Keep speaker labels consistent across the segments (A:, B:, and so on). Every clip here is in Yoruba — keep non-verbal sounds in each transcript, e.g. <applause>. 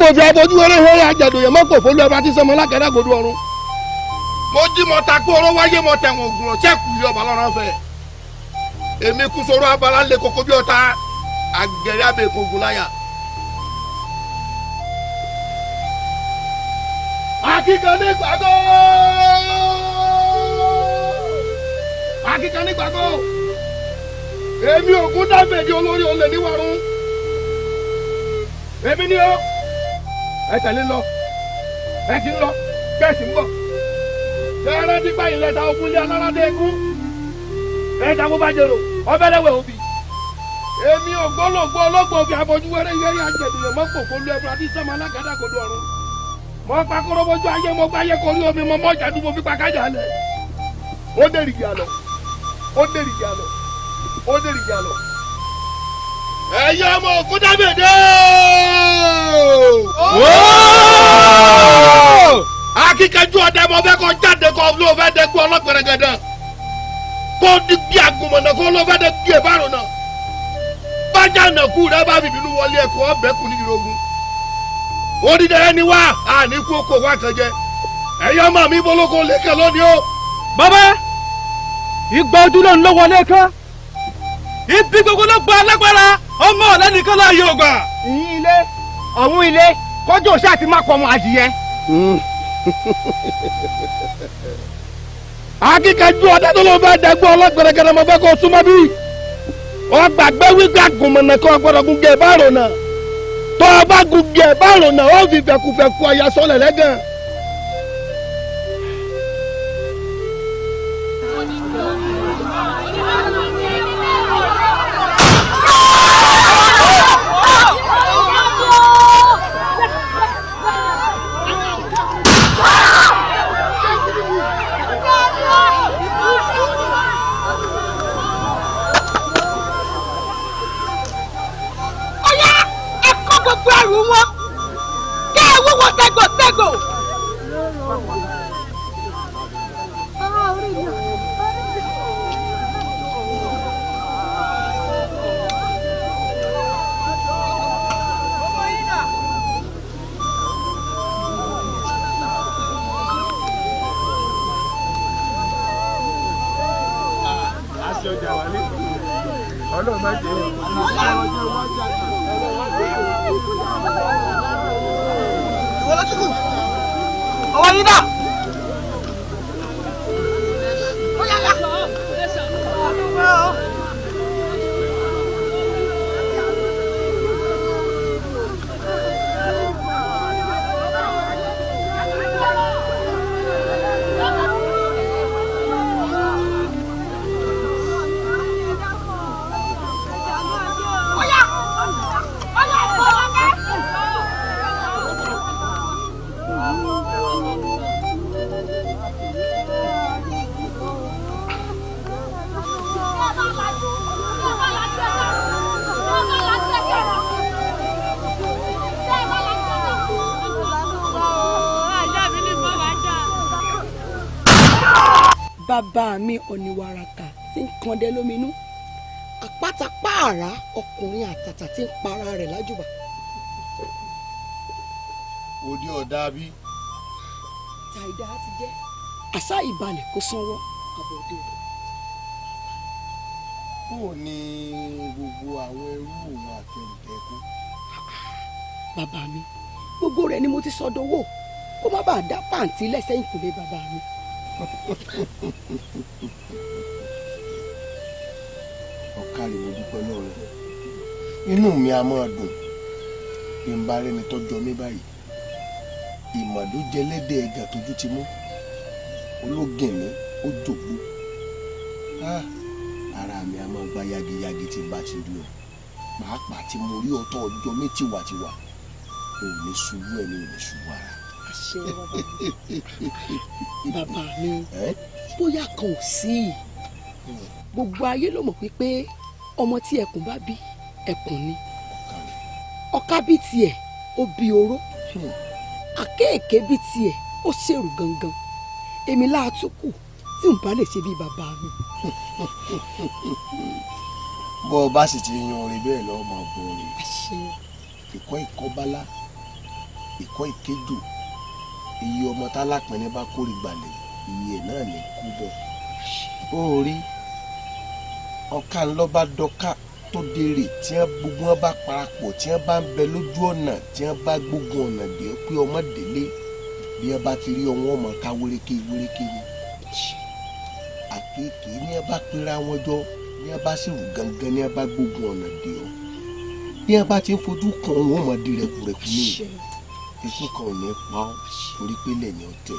A: gbòdò abojú wẹ́rẹ́ hẹ́rẹ́ àjàdòyè mọ́kò fólú ẹ̀fà tí sọmọ lákẹ́rẹ́ àgọ́dọ̀ ọ̀run. mo jí mo ta kó oró wáyé mo tẹ̀wọ̀n ògùn rọ̀ ṣẹ́ẹ̀kù yìí ọba lọ́rọ́ fẹ́. èmi kú abala lè koko bí ọ̀tá àgẹ̀rẹ́ abẹ́ẹ̀kọ́ ògùn láyà. akíkanní gbàgbọ́ gbàgbọ́ èmi olórí olè níwàrún èmi ni ó. ẹ tẹ̀lé lọ ẹ sì ń lọ bẹ́ẹ̀ sì ń bọ̀ ṣé ẹ rántí báyìí lẹ́ta ogun lé alárádé ikú ẹ̀ẹ́dá kó bá jẹrò ọbẹ̀ lẹ́wẹ̀ òbí èmi ògbólógbó ológun òbí abojú wẹrẹ yẹrí àjẹbìlẹ mọ kòkó lu ẹbùrọ àti sọmọ alágàdá kò do ọrùn mọ pakọrọ bójú ayé mọ gbáyé korí omi mọ mọjà dúpọ fipá kájà lẹ ó dèrìgì àlọ ó dèrìgì àlọ ó dèrìgì àlọ. ẹ̀yin ọmọ òkúta bèdè akíkanjú ọdẹ mọ fẹ́ kọ jáde kọ ló fẹ́ dẹ ọlọpẹrẹ gẹdẹ kó bí agùnmọ̀nà kó ló fẹ́ dẹ bí náà bájà nàkú rẹ bá bìbí wọlé ẹkọ ọbẹ nídìí ogun onídẹ ẹni wá àní kú wá ọmọ mi lónìí o. bàbá
B: ìgbà ojú ló wọlé ibi gbogbo ló gba alágbára. ọmọ ọ̀lẹ́ nìkan
C: láàyè ògbà.
A: ìyín ilé ọ̀hún ilé kọjú òṣà ti máa pọ̀ ọmọ adìyẹ. akíkanjú ọdẹ tó ló fẹ́ dẹgbẹ́ ọlọ́gbẹ̀rẹ̀gẹ̀rẹ̀ mo fẹ́ kó súnmọ́ bí. wọ́n gbàgbé wípé àgùnmọ̀nà kan gbọ́dọ̀ gún gẹ̀ báàrò náà tó o bá gún gẹ̀ báàrò náà ó fi fẹ̀kùfẹ̀kù ọ̀yà sọ̀lẹ̀ lẹ́gàn.
D: mi ọ̀nì wàràkà tí ń kàndé lóminú àpáta pààrà ọkùnrin àtàtà tí ń para rẹ̀ lájùbà.
A: òde ọ̀dà bí.
D: tàìdá ti jẹ́ àṣà ìbalẹ̀ kó sanwó
A: àbọ̀dé rẹ̀. kò ní gbogbo àwọn ẹrú òun àtẹ̀ǹtẹ̀kú.
D: bàbá mi gbogbo rẹ̀ ni mo ti sọdọ̀ wò kó má bàa dá pàǹtí lẹ́sẹ̀ ìkúlé bàbá mi
A: ọ̀kárí mo dúpẹ́ lọ́rẹ́ inú mi a máa dùn bí n bá rẹ́ni tọ́jú ọmí báyìí ìmọ̀dó jẹlẹ́dẹ̀ ẹ̀gà tójú ti mú ológìnní ó jòkó ah, ara mi a máa gba yagiyagi tí n bá ti rí ọ pàápàá tí mo rí ọtọ ọjọ́ mi tiwàtiwà òní ṣubú ẹni òní ṣubú ara
D: bàbá mi bóyá kan ò sí i gbogbo ayé ló mọ̀ pé ọmọ tí ẹkùn bá bí ẹkùn ni ọ̀ká bí tiẹ̀ ó bí oró akéèké bí tiẹ̀ ó ṣèrù gangan èmi láàtúkù tí n bá lè ṣe bí bàbá mi.
A: bó o bá sì ti yan orin bẹ́ẹ̀ lọ́ọ́ máa bọ̀ ọ́ rè é ìkọ́ ìkọ́ ìkéjò iye ọmọ tálápẹ̀ẹ́ni bá kórè gbalẹ̀ iye náà ní kú bọ̀ ó rí ọ̀ka ńlọ bá dọ́ka tó dèrè tí wọ́n gbogbo wọn bá parapọ̀ tí wọ́n bá ń bẹ lójú ọ̀nà tí wọ́n bá gbógun ọ̀nà dé pé ọmọ délé bí wọ́n bá ti rí ọwọ́ ọmọ ká wéréké wéréké ni àkekèé ni wọ́n bá pera wọn jọ ni wọ́n bá sì rù gangan ni wọ́n bá gbógun ọ̀nà dé o bí wọ́n bá ti fojú kan wọn ò mọ̀ rẹ̀kùrẹ̀kù ni ikú kan ò ní pa ọ́ torí pé lẹ́ni ọ̀tẹ̀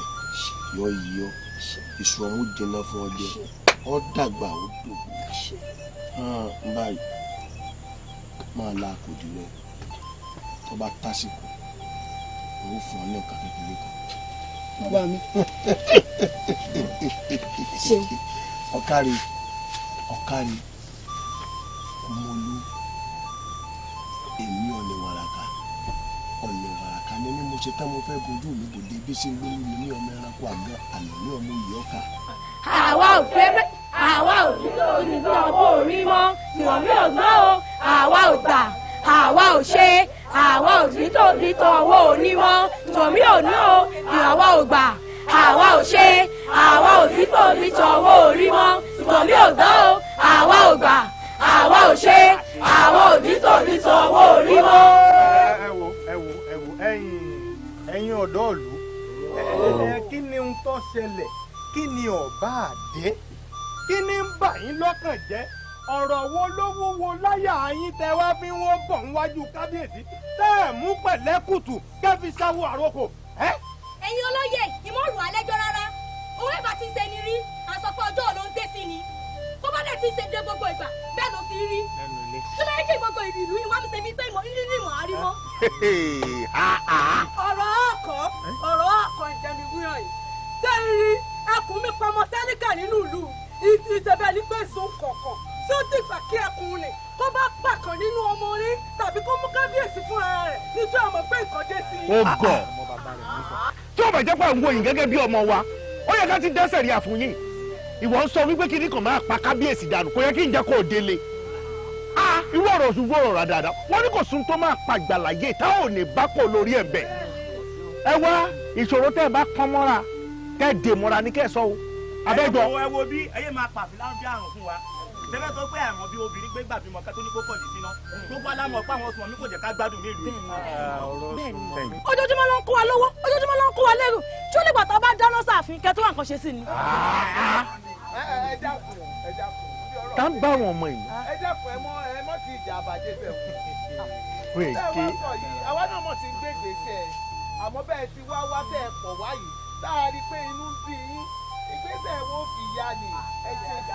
A: yọ yíyọ èso ọ̀hún jẹná fún ọ ọ dàgbà ó dògbò báyìí máa la àkòdì rẹ tó bá tásìkò owó fún ọ lẹ́ẹ̀ka kékeré kan. bàbá mi ṣe <laughs> ọ̀kárí ọ̀kárí kò mọ olú. ṣe tán mo fẹ́ gojú mi kò dé bí ṣe ń lóyún mi ní ọmọ ẹranko àgàn àná ní ọmọ ìyá ọkà.
C: àwa ò fẹ́ àwa ò nílò nígbà ọkọ orí mọ́ ìwọ̀n mi ò gbọ́ o àwa ò gbà
D: àwa ò ṣe àwa ò nítorí tó ọwọ́ onímọ̀ tòmí ò ná o ìwàwá ò gbà àwa ò ṣe àwa ò nítorí tó
B: ọwọ́ onímọ̀
D: tòmí ò ná o àwa ò gbà àwa ò ṣe
B: àwa ò nítorí tó
A: ọwọ́ onímọ̀ ọ̀dọ́ ìlú oh. kí ni ń tó ṣẹlẹ̀ kí ni ọba àdé kí ni ń bà yín lọ́kàn jẹ́ ọ̀rọ̀ wo ló wúwo láyà yín tẹ wá bí wọ́n bọ̀ níwájú kábíyèsí tẹ́ ẹ̀ mú pẹ̀lẹ́kùtù kẹ́fi sáwọ́ àrokò.
D: ẹ̀yin olóye ìmọ̀rù àlẹ́jọ́ rárá òwe bá ti ṣe ni rí àsọpọ̀ ọjọ́ ló ń dé sí ni bó bá dẹ̀ ti ṣe dé gbogbo ìgbà bẹ́ẹ̀ ló ti rí tó bá yẹ kí gbogbo ìlú yìí wá mi ṣe mí
B: pé ìrírí ìmọ̀ àrímọ́. ọ̀rọ̀ ọkọ̀ ọ̀rọ̀ ọkọ̀ ìjẹ̀mí wíran yìí ṣé rí ẹkùn mi pamọ́ tẹ́líkà nínú ìlú ìjẹ̀bẹ̀ ní pé sùn kọ̀ọ̀kan tí ó ti gbà
A: gẹ́gẹ́ bí ọmọ wa ó yẹ ká ti dẹ́sẹ̀ rí àfúnyìn ìwọ ń sọ wípé kí ni kàn máa pa kábíyèsí dànù kò yẹ kí n jẹ́ kó délé irú ọ̀rọ̀ ṣubú ọ̀rọ̀ rà dáadáa wọ́n ní kò sún tó máa pa gbàlàyé táwọn ò ní bá pọ̀ lórí ẹ̀ bẹ̀. ẹ wá ìṣòro tẹ́ ẹ bá pọ́n mọ́ra kẹ́ ẹ dè mọ́ra ní kẹ́ ẹ sọ o.
C: abẹ́jọ. ẹ wo bí
A: ẹyẹ máa pàfi láwùjọ àrùn fún wa tẹ́lẹ̀ tó pé àrùn bí obìnrin gbé gbàbí mọ̀ kátó ní kó kọ̀ ní síná gbogbo alámọ̀ pé àwọn
D: ọ̀sùn mi kò jẹ́ ká gbádùn ní ìlú yìí. ojoojúmọ́ ló ń kó wa lọ́wọ́ ojoojúmọ́ ló ń kó wa lẹ́rù
A: tí ó tá ń bá àwọn ọmọ yìí. Ah, ẹ dẹ́kun ẹ mọ ẹ mọ ti ìjà àbàjẹ́ bẹ̀ kú. pé ké àwa náà mọ̀ ti ń gbègbè sẹ̀ àmọ́ bẹ́ẹ̀ ti wá wá bẹ́ẹ̀ pọ̀ wáyé tá a rí i pé inú ń bí yín ìgbésẹ̀ wo fi ya ni ẹ ṣe kí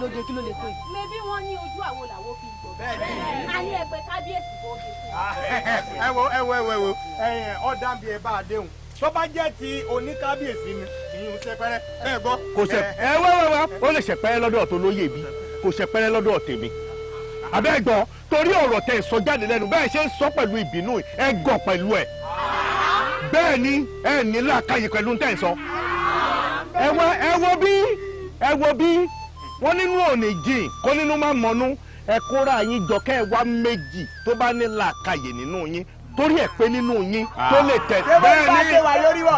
D: ló dé kí ló lè pè. mẹbí wọn ní ojú àwo làwo fi gbọ́. bẹ́ẹ̀ni a ní ẹgbẹ́ kábíyèsí bọọgì. Ah,
A: <laughs> ẹ wo ẹ wo ẹ wo ẹ wo ọ̀dà bá a déhùn tó bá jẹ́ ti oníkábíyèsí ni ìyún ṣẹpẹrẹ ẹ gbọ́. kò ṣe ẹ wẹ́wẹ́wẹ́ ó lè ṣẹpẹrẹ lọ́dọ̀ tó lóye mi kò ṣẹpẹrẹ lọ́dọ̀ tèmi abẹ́ gbọ́ torí ọ̀rọ̀ tẹ̀ sọ jáde lẹ́nu bẹ́ẹ̀ ṣe ń sọ pẹ̀lú ìbínú ẹ gọ̀ pẹ̀lú ẹ̀ bẹ́ẹ̀ ni ẹ ní làákàyè pẹ̀lú tẹ̀ sọ. ẹ wọ ẹ wọ bí ẹ wọ bí wọn nínú òní jìn kó nínú má mọnú ẹ kóra yín jọ kẹ́ ẹ wá méjì tó bá ní làákàyè nínú yín torí ẹ pé nínú yín ah. tó lè tẹ bẹ́ẹ̀ni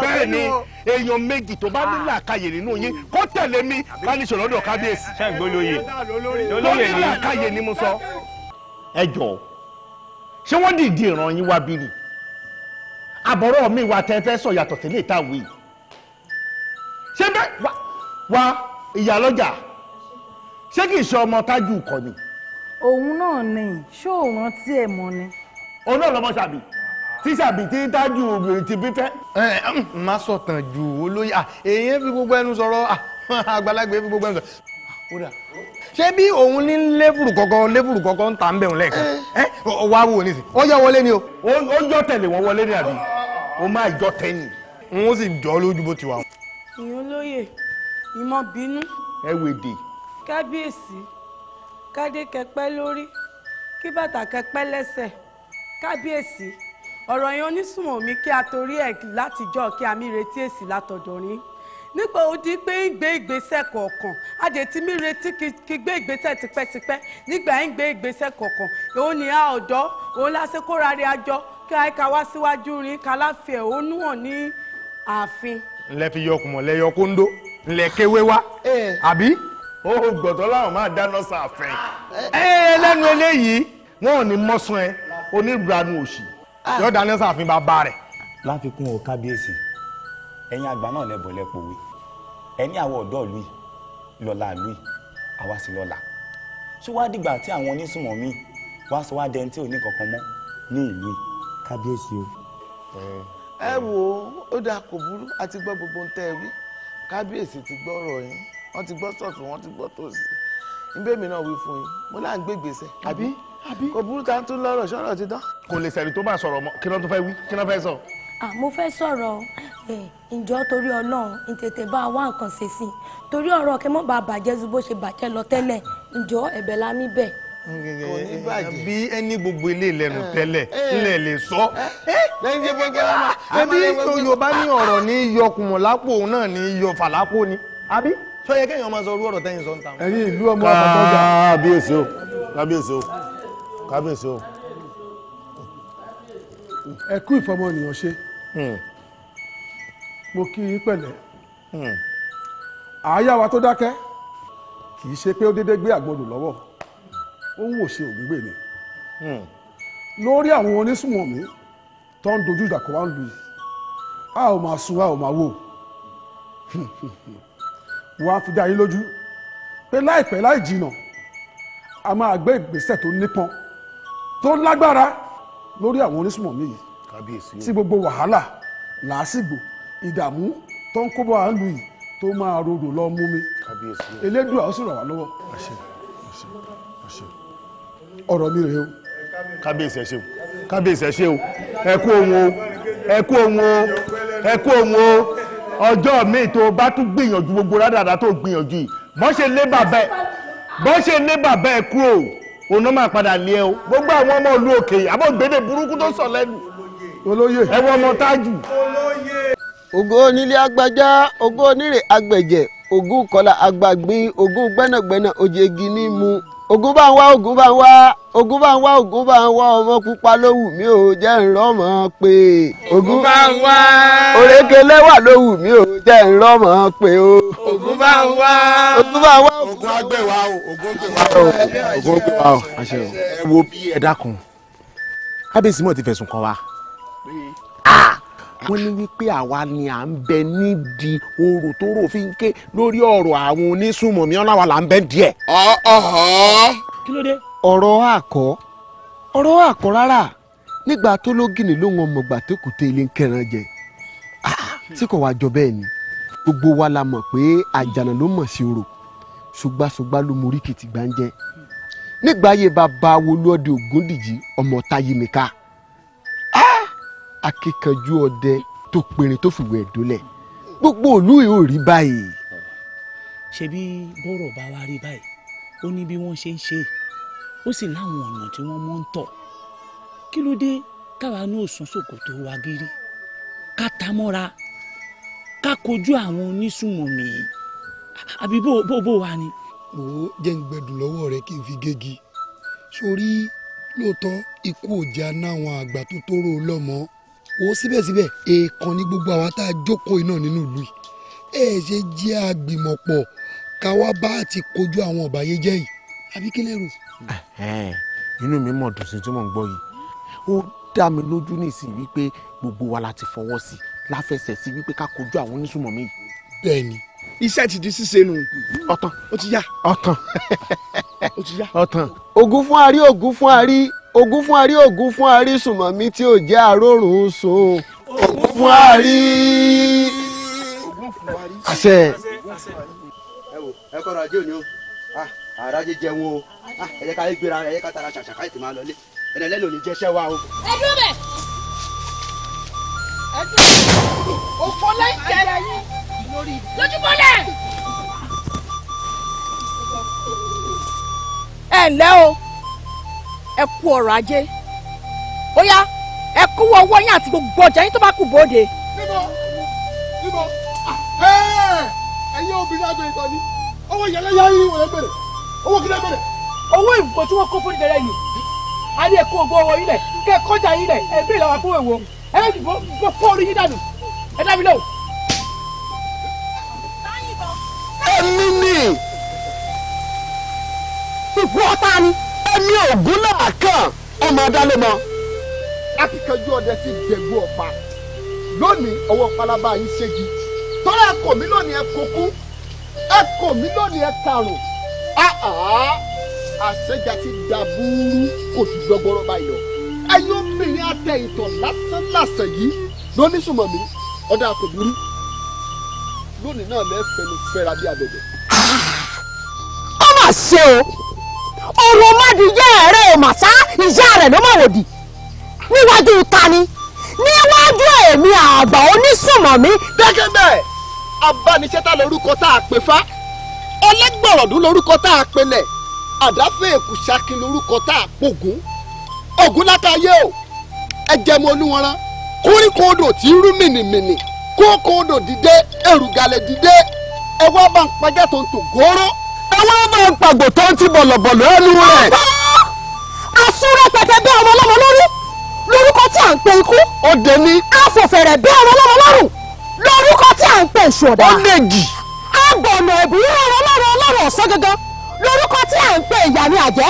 A: bẹ́ẹ̀ni èèyàn méjì tó bá ní ah. làákàyè nínú yín kó tẹ̀lé mi ká ní sọ̀rọ̀ lọ́dọ̀ kábíyèsí. sẹ́gbólóye
C: tó ní làákàyè
A: ni mo sọ. ẹ jọ ṣé wọ́n dìde ìran yín wá bí ni àbọ̀rọ̀ mi wà tẹ́fẹ́ sọ yàtọ̀ sílé ìtàwé yìí ṣé bẹ́ẹ̀ wá ìyálọ́jà ṣé kì í ṣe ọmọ tájú kọ ni. òun náà ni ṣó òun rántí ẹ̀ mọ́ ni ọ̀nà ọ̀lọ́mọ ṣàbí tí ṣàbí tí tájú obìnrin ti bí fẹ́. ẹ ẹ má sọ̀tàn ju olóyè èèyàn fi gbogbo ẹnu sọ̀rọ̀ àgbàlagbà fi gbogbo ẹnu sọ̀rọ̀ ṣé bí òun ní lẹ́fùrù kọ̀ọ̀kan lẹ́fùrù kọ̀ọ̀kan ń ta ń bẹ̀ òun lẹ́ẹ̀kan ẹ wá wò ní sí ó yọ wọlé ni o. ó jọ tẹ̀lé wọn wọlé ni àbí ó máa jọ tẹ́yìn. n ó sì jọ lójú bó ti wà.
D: ìyẹn lóye ìmọ̀ bínú. ẹ wèdè. kábíyèsí kádé kẹpẹ́ lórí kí bàtà kẹpẹ́ lẹ́sẹ̀ kábíyèsí ọ̀rọ̀ yẹn onísùnmọ̀ mi kí a torí ẹ̀ látijọ́ kí a mi retí èsì látọ̀dọ̀ yín nípa odi pé ń gbé ìgbésẹ̀ kọ̀ọ̀kan adè tí mi retí kí gbé ìgbésẹ̀ tipẹ́tipẹ́ nígbà ń gbé ìgbésẹ̀ kọ̀ọ̀kan òun ni a ọ̀dọ́ òun lásìkò rárẹ̀ àjọ kí àyíká wá síwájú rí kàláfíà òun níwọ̀n ní ààfin.
A: ńlẹ fi yọkùn mọ lẹyọ kóńdó ńlẹ kéwé wá àbí ó gbọ̀tọ̀ láwọn máa dáná sáàfin. Ah. ẹ ẹ lẹ́nu eléyìí wọn ò ní mọ́sán ẹ oníranú òsì ah. yóò dáná sàfin bàbá rẹ̀. láfikún o kábíyèsí ẹ̀yin àgbà náà lẹ́bọ̀ lẹ́pọ̀wé ẹni àwọn ọ̀dọ́ ìlú yìí lọ́la ìlú yìí àwa sì lọ́la ṣé wàá dìgbà tí àwọn onísùnmọ̀ mi wàá sọ wá dẹni tí ò ní kankan mọ́ ní ìlú kábíyèsí o. ẹ wo ó dáa kò burú a ti gbọ́ gbogbo ń tẹ́ ẹ wí kábíyèsí ti gbọ́ ọ̀rọ̀ yín wọ́n ti gbọ́ sọ̀tún wọ́n ti gbọ́ tòsí ìbémi náà wí fún yín mo láà ń gbé kò burú ta tún lọ́rọ̀ sọ̀rọ̀ ti tán. kò lè sẹ́ni tó bá sọ̀rọ̀ mọ́ kí ló tún fẹ́ wí kí ló fẹ́ sọ.
D: mo fẹ́ sọ̀rọ̀ ǹjọ́ torí ọlọ́run ń tètè bá wa nǹkan ṣe sí i torí ọ̀rọ̀ kí mọ́ bá bàjẹ́ ju bó ṣe bàjẹ́ lọ tẹ́lẹ̀ ǹjọ́ ẹ̀bẹ̀ la mí bẹ̀.
A: bí ẹni gbogbo ilé ìlẹ́nu tẹ́lẹ̀ ilẹ̀ lè sọ.
C: ẹbí Yorùbá
A: ní ọ̀rọ̀ ní yọkùnmọ̀ lápò náà ní yọ fàlápò ni àbí sọ yẹ kéèyàn máa sọ orú ọ̀rọ̀ tẹ́yìn sọ ń ta. ẹ̀yin ìlú ọmọ àbàtọ́jà. kábíyèsí o kábíyèsí o kábíyèsí o. ẹ kú ìfọmọnìyàn ṣe hmm. mo kí yín pẹ̀lẹ́ hmm. àáyá wa tó dákẹ́ kì í ṣe pé ó déédéé gbé àgbọ̀dù lọ́wọ́ ó ń wò ṣe ògúngbè ni hmm. lórí àwọn onísùnmọ̀mí tó ń dojú ìjà kó wá ń lu yìí a ò máa sun a ò máa wò wọ́n <laughs> á fi dá yín lójú pé láìpẹ́ láì jìnnà a máa gbé ìgbésẹ̀ tó nípọn tó lágbára lórí àwọn onísùmọ̀mí yìí tí gbogbo wàhálà làásìgbò ìdààmú tó ń kó bọ́ àlù yìí tó máa rodò lọ mú mi elédùà ó sì ràn wá lọ́wọ́. ọ̀rọ̀ mi rèé o. kábíyèsí ẹ ṣé o kábíyèsí ẹ ṣé o ẹ kú òun o ẹ kú òun o ẹ kú òun o ọjọ́ mi tó bá tún gbìyànjú gbogbo rádàrá tó gbìyànjú yìí bọ́n ṣe lé bàbá ẹ bọ́n ṣe òun náà máa padà ní ẹ o gbogbo àwọn ọmọ ìlú òkè yìí àbọ̀ gbèdè burúkú tó sọ lẹ́nu olóyè ọmọ tájù. ògo onílé agbájá ògo onírè agbẹ̀jẹ̀ ògùn kọlà àgbàgbìn ògùn gbẹ́nàgbẹ́nà òjègì ní mu ògùn bá ń wá bá ń ogun bá ń wá ogun bá ń wá ọmọ pupa ló wù mí ò jẹ́ ńlọ́mọ pé. ogun bá ń wá. òrèké lẹ́wà ló mí ò jẹ́ ńlọ́mọ pé o. ogun bá ń wá. ogun bá ń wá. ogun agbẹ̀wá o ogun agbẹ̀wá o. ogun agbẹ̀wá o àṣẹ o. ẹ wo bí ẹ dákun kábíyèsí mọ̀ ti fẹ̀sùn kàn wá ah! wọ́n ní wípé àwa ni à ń bẹ nídìí orò tó rò fi ń ké lórí ọ̀rọ̀ àwọn onísùnmọ̀mí ọ̀làwà là ń bẹ díẹ̀. kí ló dé ọ̀rọ̀ àkọ́ ọ̀rọ̀ àkọ́ rárá nígbà tó lógìnì ló wọn mọ̀gbà tó kù tẹ ilé ń kẹran jẹ ah, tí kò wá jọ bẹ́ẹ̀ ni gbogbo wa la mọ̀ pé àjànà ló mọ̀ sí orò ṣùgbàṣùgbà ló morí kìtì gbáǹjẹ nígbà yẹn bàbá Awolódé Ògúndìjì ọmọ Táyémíká ah, akíkanjú ọdẹ tó pinrin tó fìwé ẹ̀dọ́lẹ̀ gbogbo òlú yìí ò rí báyìí. ṣebí bọ́rọ̀ bá wa rí báyìí ó ní bí wọ́n ṣe ń ṣe é ó sì láwọn ọ̀nà tí wọ́n mọ́ ń tọ̀ kí ló dé káwa náà sún ṣòkòtò wa gírí ká ta mọ́ra ká kojú àwọn onísùmọ̀mí àbí bó bó bó wa ni. wò ó jẹ́ ń gbẹ̀dùn lọ́wọ́ rẹ kí n fi gégi sórí lóòótọ́ ikú òjà náwọn àgbà tó tóró lọ́mọ wò síbẹ̀síbẹ̀ èèkàn ní gbogbo àwa tá a jókòó iná nínú ìlú ẹ ṣe jẹ́ àgbìmọ̀pọ̀ káwa bá ti kojú àwọn ọ̀bàyéjẹ́ yìí àbí kí lẹ́rù inú mi mọ̀ dùn sí tí mò ń gbọ́ yìí ó dá mi lójú nísìnyí wípé gbogbo wa la ti fọwọ́ sí láfẹsẹ̀ sí wípé ká kojú àwọn onísùmọ̀mí yìí. bẹ́ẹ̀ni iṣẹ́ ti di ṣíṣe nù. ọ̀tàn ó ti yá. ọ̀tàn ó ti yá. ọ̀tàn. ògún fún àrí ògún fún àrí ògún fún àrí ògún fún àrí sùmọ̀mí tí ò jẹ́ àrórò so. ògún fún àrí. àṣẹ. ẹ wo ẹ kọ́ra ajé òní o ah, àrà jẹ jẹun o. Ah, ẹ jẹ́ ká yé gbéra ẹ jẹ́ ká tara ṣàṣà káyìí tí máa lọ lé ẹ̀rẹ̀ lẹ́nu ò ní jẹ́ iṣẹ́ wa o.
B: ẹ dúró
C: bẹ̀. ẹ
B: dúró bẹ̀. òfò láì jẹ́ lójúbọ́lẹ̀. ẹ ǹlẹ́ o
D: ẹ kú ọ̀rọ̀ ajé ó yá ẹ kówó owó yín àti gbogbo ọjà yín tó bá kù bóde.
C: níbo níbo
A: ah, ẹ̀yin obìnrin àgbẹ̀ ìtọ́ni owó ìyàlẹ́yà yín wọ̀nyẹ́ bẹ̀rẹ̀ owó kìlẹ̀ bẹ̀rẹ̀ owó ìbùkún tí wọ́n kó fún ìbẹ̀rẹ̀ yìí a ní ẹ̀kọ́ ògbó ọwọ́ ilẹ̀ kẹ́ ẹ kọjá ilẹ̀ ẹ bí ìlànà fún èwo ẹ dìbò bó fọ́ọ̀rù yín dànù ẹ dá lọ. èmi ni ìwọ ọ̀tá ni èmi ògún náà kàn ọmọ adálẹ́mọ. akíkanjú ọdẹ ti dẹ̀gbù ọ̀pá lónìí ọwọ́ palaba yìí ṣégi tọ́lá ẹ̀kọ́ mi lónìí ẹ̀ kókú ẹ̀kọ́ mi lónìí ẹ̀ karùn àṣẹjà ti da búrú kò sì gbọgbọrọ báyìí lọ. ẹ̀yin obìnrin atẹ ìtàn lásánlàsàn yìí ló ní sùnmọ̀ mi ọ̀dà kò burú lónìí náà lẹ́fẹ̀ẹ́nu fẹ́ra bí abẹ̀bẹ̀.
B: ó mà ṣe o ọ̀rọ̀ mádìyẹ rẹ̀ ò mà sá ìyá rẹ̀ ló mà wòdì níwájú ta ni níwájú èmi àgbà onísùnmọ̀ mi. gẹ́gẹ́ bẹ́ẹ̀
A: abániṣẹ́ta lórúkọ tá a pè fá ọlẹ́gbọ̀rọ̀dún lórúkọ tá a pè lẹ̀ àdáfẹ́ èkúṣákí lorúkọ tá a pògùn ògùn látàyé o ẹ jẹ́ mọ́ olúwọ́nrán kórìkò odò tí ń rú mìnìmìnì kókó odò dìde èrùgàlẹ̀ dìde ẹ wá bá ń pàjá tó ń tò góró. ẹ wá bá ń pàgbò tó ń ti
B: bọ̀lọ̀bọ̀lọ̀ ẹnu rẹ̀. àsúrẹ́ pẹ̀tẹ́ bẹ́ ọmọ ọlọ́mọ lórí lórúkọ tí à ń pe ikú. ó dé ní. afọ̀fẹ̀rẹ̀ ọmọ ọlọ́mọ lọ́rùn lórúkọ tí à ń pe ìṣọ̀dá. ó lè jì. abọ̀nà ẹ̀bùrú lórúkọ tí à ń pè ìyá mi àjẹ́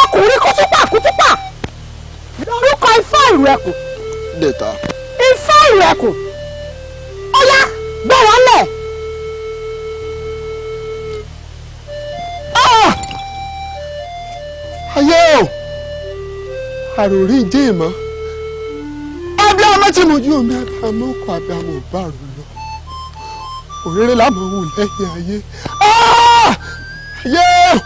B: ọkùnrin kútúpà kútúpà lórúkọ ifá ìrẹ̀kùn. dèta. ifá ìrẹ̀kùn ọlá gbọ̀wọ́ lẹ̀.
A: ayé o àròrí ìjẹ́ ìmọ̀ abiyamọ tí mo jí omi abiyamọ kọ abiyamọ bá rò lọ òrèrè làmọ̀ wò lẹ́yìn ayé. Ah! yéé.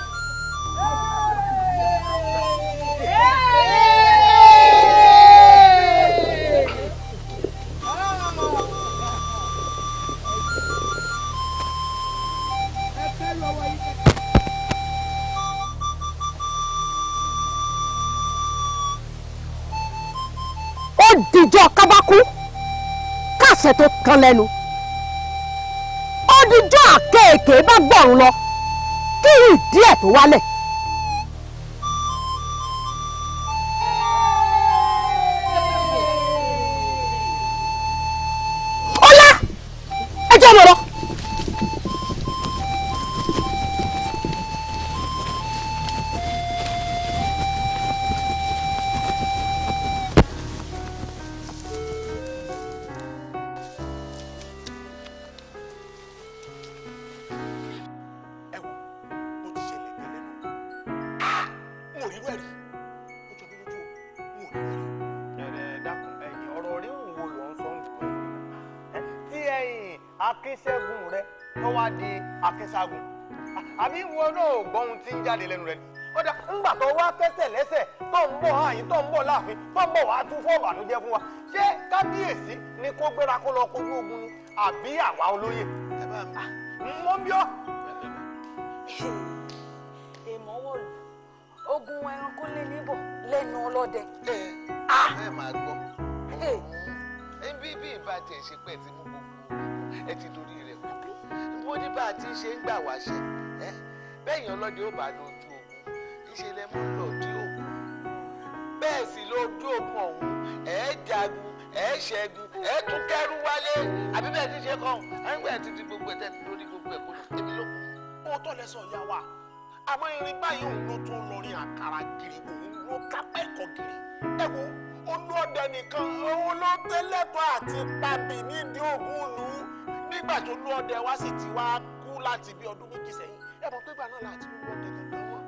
B: dìjọ kábákú káṣẹ tó kan lẹ́nu ó dìjọ àkéèké bá gbọ̀run lọ kí ìdí ẹ̀ tó wálẹ̀
A: ìwọ náà ò ohun tí ń jáde lẹ́nu rẹ ọ̀dà ńgbà tó wá kẹsẹ̀ lẹ́sẹ̀ tó ń bọ̀ àyín tó ń bọ̀ láàfin tó ń bọ̀ wá tún fún ọ̀bànújẹ́ fún wa ṣé kábíyèsí ni kó gbéra kó lọ ogun ni àbí àwa olóyè
D: mọ́ ah,
A: èèmọ̀ bẹ́ẹ̀yàn ọlọ́dẹ ó bá lójú ogun níṣe lẹ́ mọ́ lọ́ọ̀dẹ òkú bẹ́ẹ̀ sì lójú ogun ọ̀hún ẹ̀ jagun ẹ̀ ṣẹ́gun ẹ̀ tún kẹ́rù wálé àbí bẹ́ẹ̀ ti ṣe kàn án gbẹ̀ ti di gbogbo ẹ̀tẹ́ ti lórí gbogbo ẹ̀kọ́ ló tẹ̀mí lóko. ó tọ́ lẹ sọ ìyá wa àmọ́ irin báyìí òun ló tún lọrin àkàrà gírí òun ló kápẹ́ ẹ̀kọ́ gírí ẹ̀ wo olú ọdẹ nìkan òun ló tẹ́lẹ̀kọ́ àti pàbí nídìí ògùn ìlú nígbà tó olú ọdẹ wa sì ti wá kú láti bí ọdún méjì sẹ́yìn ẹ mọ̀ pé gbà náà láti wọ dandan wọn.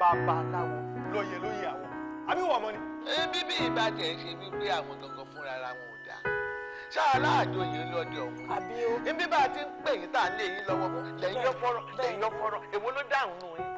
A: babaláwo lóye lóye àwọn àbí wọn mọ ni. bíbí ìbàjẹ́ ṣe wípé àwọn gangan fúnra ara wọn ò dáa ṣáàlá àjò yìí lọ́dẹ ọ̀hún. àbí o. ibi bá a ti ń pè yín tá à lé yín lọ́wọ́ lẹ́yìn yọ́fọ́rọ́ lẹ́yìn yọ́fọ́rọ́ èwo ló dáhùn nù yín.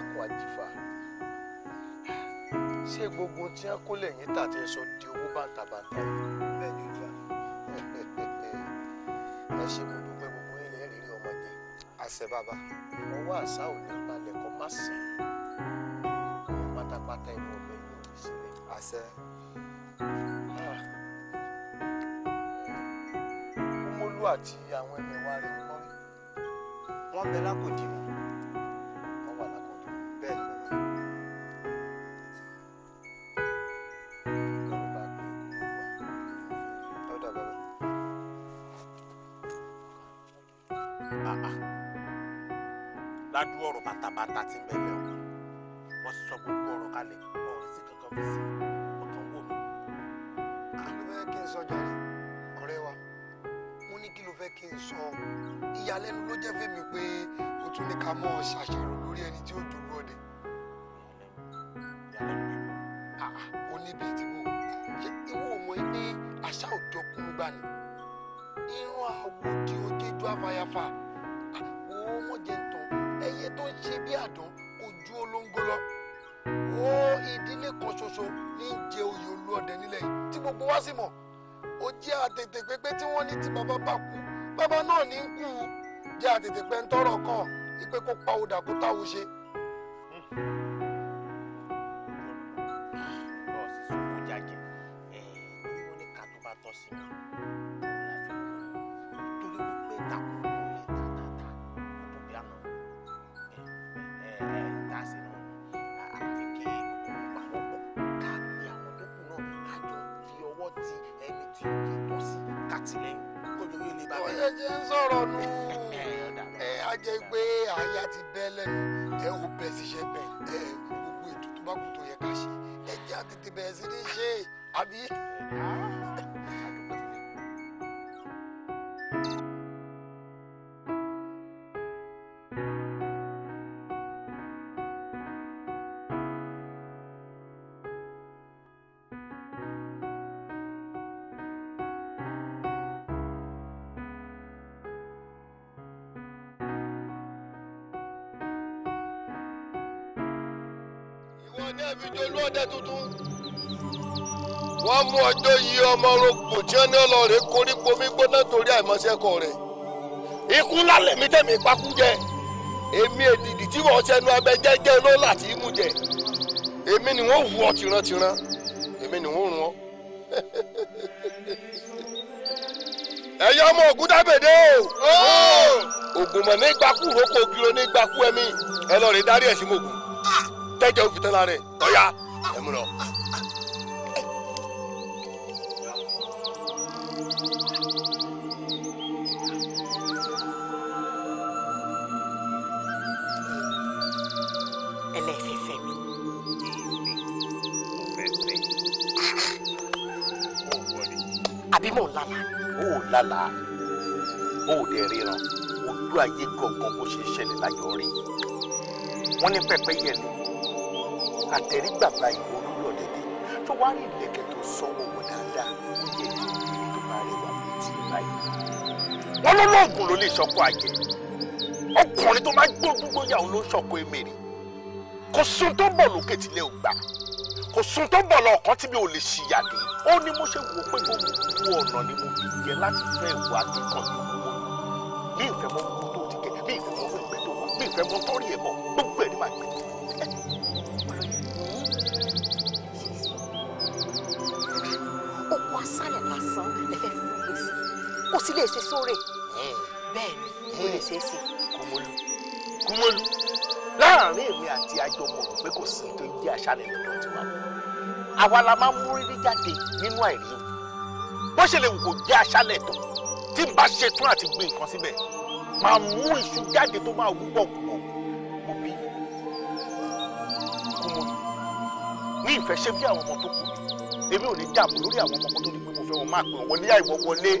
A: akọ àjìfà ṣé gbogbo tí wọn kó lẹ́yìn tàtí ẹsọ di owó bàǹtàbàǹtà bẹ́ẹ̀ ni ìjà ẹ ṣe kó dúpẹ́ gbogbo yín lẹ́yìn rírí ọmọdé àṣẹ bàbá ọwọ́ àṣà ò ní balẹ̀ kọ́ má sàn pátápátá inú ọbẹ̀ yìí ò ní sílẹ̀ àṣẹ. kúmólú ah. àti àwọn ẹ̀mẹ̀wá rẹ̀ wọ́n bẹ lákòjì wọn. bàtà tí ń bẹ lẹ́wọ̀n wọ́n sọ gbogbo ọ̀rọ̀ kalẹ̀ ọ̀rẹ́ sí kankan fi sí ọkàn wò mí. kí fẹ́ kí n sọ jàre ọ̀rẹ́ wa mo ní kí ló fẹ́ kí n sọ ìyàlẹ́nu ló jẹ́ fẹ́mi pé o tún ní ká mọ́ ṣàṣàrò lórí ẹni tí ó dùn sì mọ̀ ó jẹ́ àtètèpépé tí wọ́n ní tí bàbá bá kú bàbá náà ní kú jẹ́ àtètèpé ń tọrọ kàn kó pa òdà kó táwo ṣe. irú ọjọ́ yìí ọmọ orogún tí wọ́n ní ọlọ́ọ̀rẹ́ koríko mi gbóná torí àìmọ́sẹ́kọ̀ rẹ̀ ikú lálẹ́ mi tẹ̀mí pakú jẹ èmi èdìdì tí wọ́n ṣẹnu abẹ jẹ́jẹ́ ló láti mú jẹ èmi ni wọ́n wù ọ́ tìrantìran èmi ni wọ́n rún ọ́ <laughs> ẹ̀yin ọmọ ògùn dábèdè o ògùnmọ̀ nígbàkú roko giro nígbàkú ẹ̀mí ẹ lọ rè dárí ẹ̀ sí mọ̀gùn tẹ́jọ́ òfin tán lára ẹ̀ ọ̀ya ẹ̀mú lọ.
C: ẹlẹ́fẹ̀fẹ̀ mi.
D: àbí mò ń lálàá.
A: ó lálàá ó dẹ̀ ríran ojú ayé gangan bó ṣe ṣẹlẹ̀ láyọ̀ rí wọ́n ní pẹ́pẹ́ yẹlẹ̀ àtẹ̀rígbàgbà ìwọ olúlọ̀dẹ̀dẹ̀ tó wá rí ìlẹ̀kẹ̀ tó sọ́wọ́. wọn lọlọgùn ló lè sọkọ àjẹ ọkùnrin tó máa gbódúgbò yàwó ló ń sọkọ emèrè kò sun tó bọ̀ lókè tí ilé ò gbà kò sun tó bọ̀ lọ́ọ̀kan tí mi ò lè ṣìyà dé ó ní mo ṣe wò pé gbogbo ọ̀nà ni mo fi yẹ láti fẹ́ ìwà akẹ́kọ̀ọ́ yòówó mi ìfẹ́ mọ́ mú tó ti kẹ́ mi ìfẹ́ mọ́ mú ìgbẹ́ tó wà mi ìfẹ́ mọ́ tọ́rí ẹ̀ bọ̀ gbogbo ẹ̀ ní màá gbé.
D: oko asálẹ̀ lásán lè fún mi kò sí lè ṣe sóore ṣeé ṣe kúmọ́lù kúmọ́lù láàrin èmi
A: àti àjọmọ̀ pé kò sí tó ń jẹ́ àṣálẹ̀ lọ́dọ̀ tiwa àwa la máa ń mú rírí jáde nínú àìrí bó ṣe lè wù kó jẹ́ àṣálẹ̀ tó tí n bá ṣe tún àti gbé nǹkan síbẹ̀ máa mú iṣu jáde tó máa wú pọ̀pọ̀ mo bí kúmọ́lù ní ìfẹ́ ṣe bí àwọn ọmọ tó kù èmi ò ní dààmú lórí àwọn ọmọ tó ní pé mo fẹ́ wọn máa pè wọ́n wọlé àìwọ́ wọlé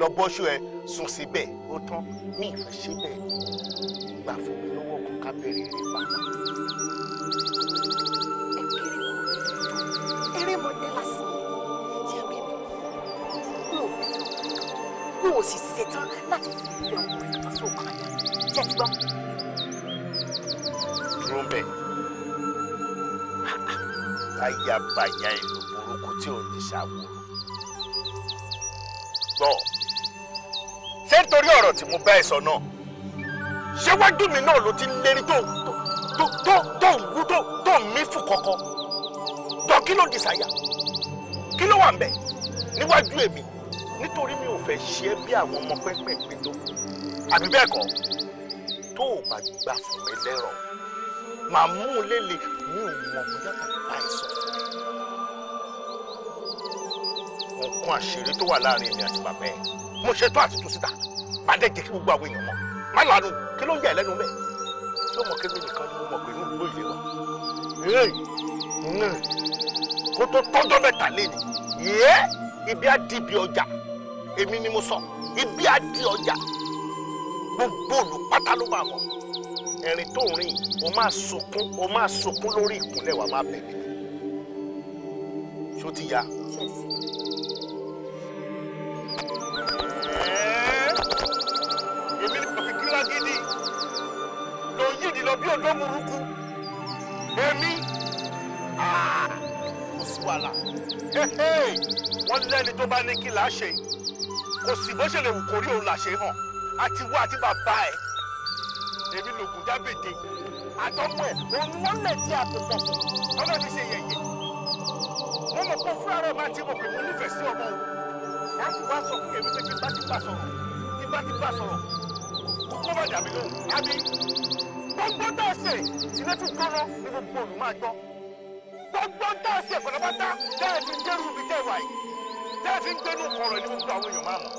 A: lọ bọ́ṣọ ẹ sùn síbẹ̀ lọ́wọ́ tán ní ìfẹ́ ṣe bẹ́ẹ̀ gbà fún mi lọ́wọ́ kan ká bẹ̀rẹ̀ eré
D: pàpà. eré mọ̀tẹ́ lásán ṣe àgbẹ̀ mi mo mi ò sì ṣetán láti fi ilé ọkùnrin kan sókàn àyà jẹ́ ti gbọ́. dúró
A: bẹ́ẹ̀ ayaba ìyá ìlú burúkú tí ò ní ṣàwòrán. tí mo bá ẹ sọ náà ṣéwájú mi náà ló ti lérí tó tó tó tó ń wú tó tó ń mí fún kọ̀kọ́ tó kí ló di sàyà kí ló wà ń bẹ̀ níwájú èmi nítorí mi ò fẹ́ ṣe é bí àwọn ọmọ pẹ́pẹ́pẹ́ tó àbí bẹ́ẹ̀ kọ́ tó o bá gbà fún mi lẹ́rọ̀ màá mú un lélẹ̀ mi ò mọ̀ bóyá bàbá ẹ sọ fún mi nǹkan àṣírí tó wà láàrin èmi àti bàbá ẹ mo ṣetán àti tú síta máa dẹ́ jẹ́ kí gbogbo àwọn èèyàn mọ̀ má lanu kí ló ń yà ẹ́ lẹ́nu bẹ́ẹ̀ tí ó mọ̀ kébé nìkan ni mo mọ̀ pé inú ìlú ìlé wa kó tó tọ́jọ́ mẹ́ta lẹ́nu yẹ́ ibi á ọjà èmi ni mo sọ ibi á di ọjà gbogbo olùpátá ló máa mọ̀ ẹ̀rìn tó rìn o máa sunkún o máa sunkún lórí ìkúnlẹ̀ wa máa bẹ̀rẹ̀ ṣó ti ya. wọ́n lẹ́ni tó bá ní kí là á ṣe kò sì bó ṣe lè wù kórí òun là ṣe hàn àti wá àti bàbá ẹ̀ èmi lògùn dábèdè àtọ́mọ ẹ̀ òun wọ́n lè di àpòpọ̀ ọlọ́run ti ṣe yẹ̀yẹ̀ mo mọ̀ pé fúnra rẹ̀ máa ti mọ̀ pé mo nífẹ̀ẹ́ sí ọmọ òun láti wá sọ fún èmi pé kí n bá ti bá sọ̀rọ̀ kí n bá ti bá
B: sọ̀rọ̀ kó má dàbí lóhùn àbí gbogbo tá a ṣe tìlẹ́tì kọ́nà ni gbogbo òun máa gbogbo tá a ṣe pẹ̀lú pátá dáhùn ti dẹ́rù mi
A: dẹ́rù àyè tẹ́ ẹ fi ń gbénu kọ̀rọ̀ ní gbogbo àwọn èèyàn máa mọ̀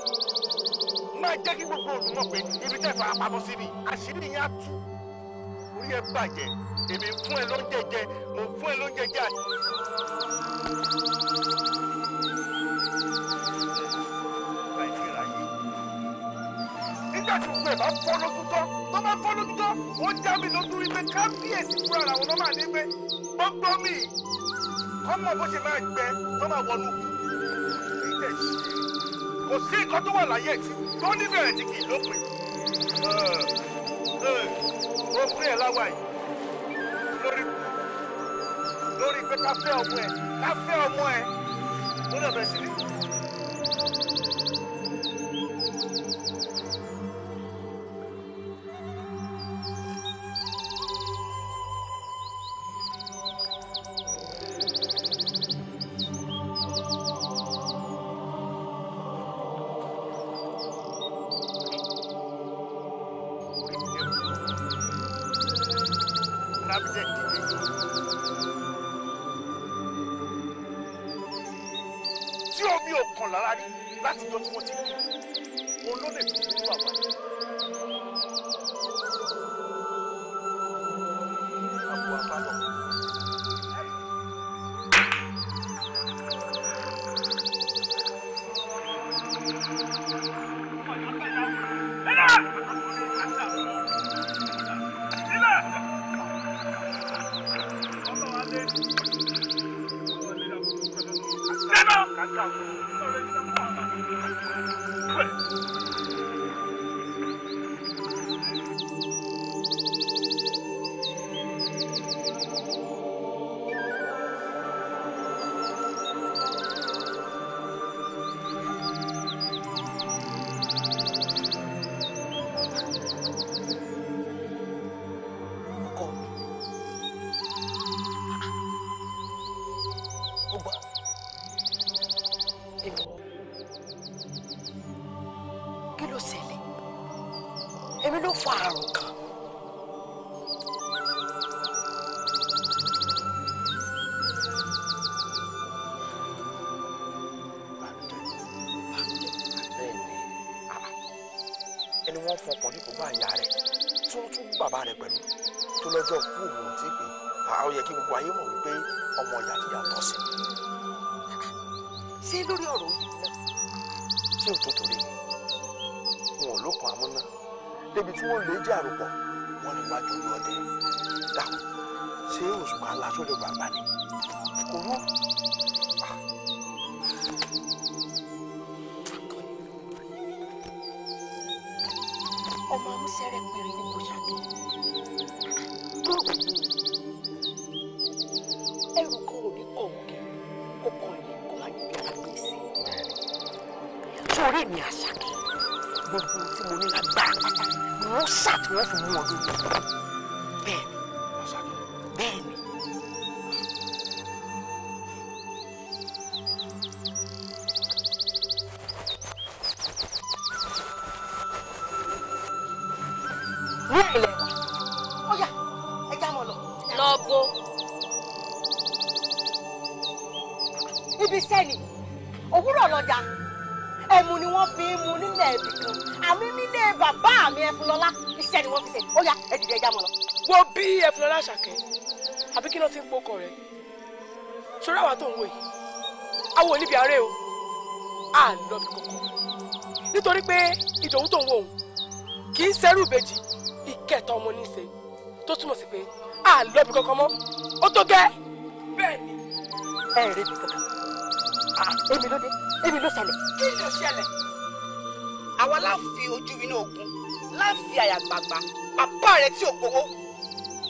A: má jẹ́ kí gbogbo òòlù mọ̀ pé ibi tẹ́ ẹ fara pamọ́ sí ni àṣírí yẹn á tú orí ẹ bàjẹ́ èmi fún ẹ lóúnjẹ jẹ mo fún ẹ lóúnjẹ jẹ àti.
B: nígbà tí gbogbo ẹ̀
C: bá fọ́ lójútọ́
B: tó bá fọ́ lójútọ́ ó já mi lójú wípé kábíyèsí fúnra àwọn ọmọ máa ní pé gbọ́ngbọ́n mi kọ́mọ bó ṣe máa gbẹ tó máa wọnú
A: kò sí nǹkan tó wà láyé tí tó níbẹ̀rẹ̀ tí kì í
B: lópin òpin ẹ̀ láwa yìí lórí lórí pé ká fẹ́ ọmọ ẹ̀ ká fẹ́ ọmọ ẹ̀ lórí ọ̀bẹ sílẹ̀.
D: lọ́wọ́ rẹ sórí àwa tó ń wò yìí awo níbi àárẹ̀ o a lọ bí kọ̀kọ̀ nítorí pé ìdòwú tó ń wò òun kì í ṣerú ìbejì ìkẹta ọmọ ní í ṣe tó túmọ̀ sí pé a lọ bí kọ̀kọ̀ mọ́ ó tó gẹ́ bẹ́ẹ̀ ni ẹ rẹ bí kọ̀kọ̀ èmi ló dé èmi ló ṣẹlẹ̀. kí ló ṣẹlẹ̀ àwa láfi ojú inú ogun láfi àyàgbàgbà bàbá rẹ tí ò gbowó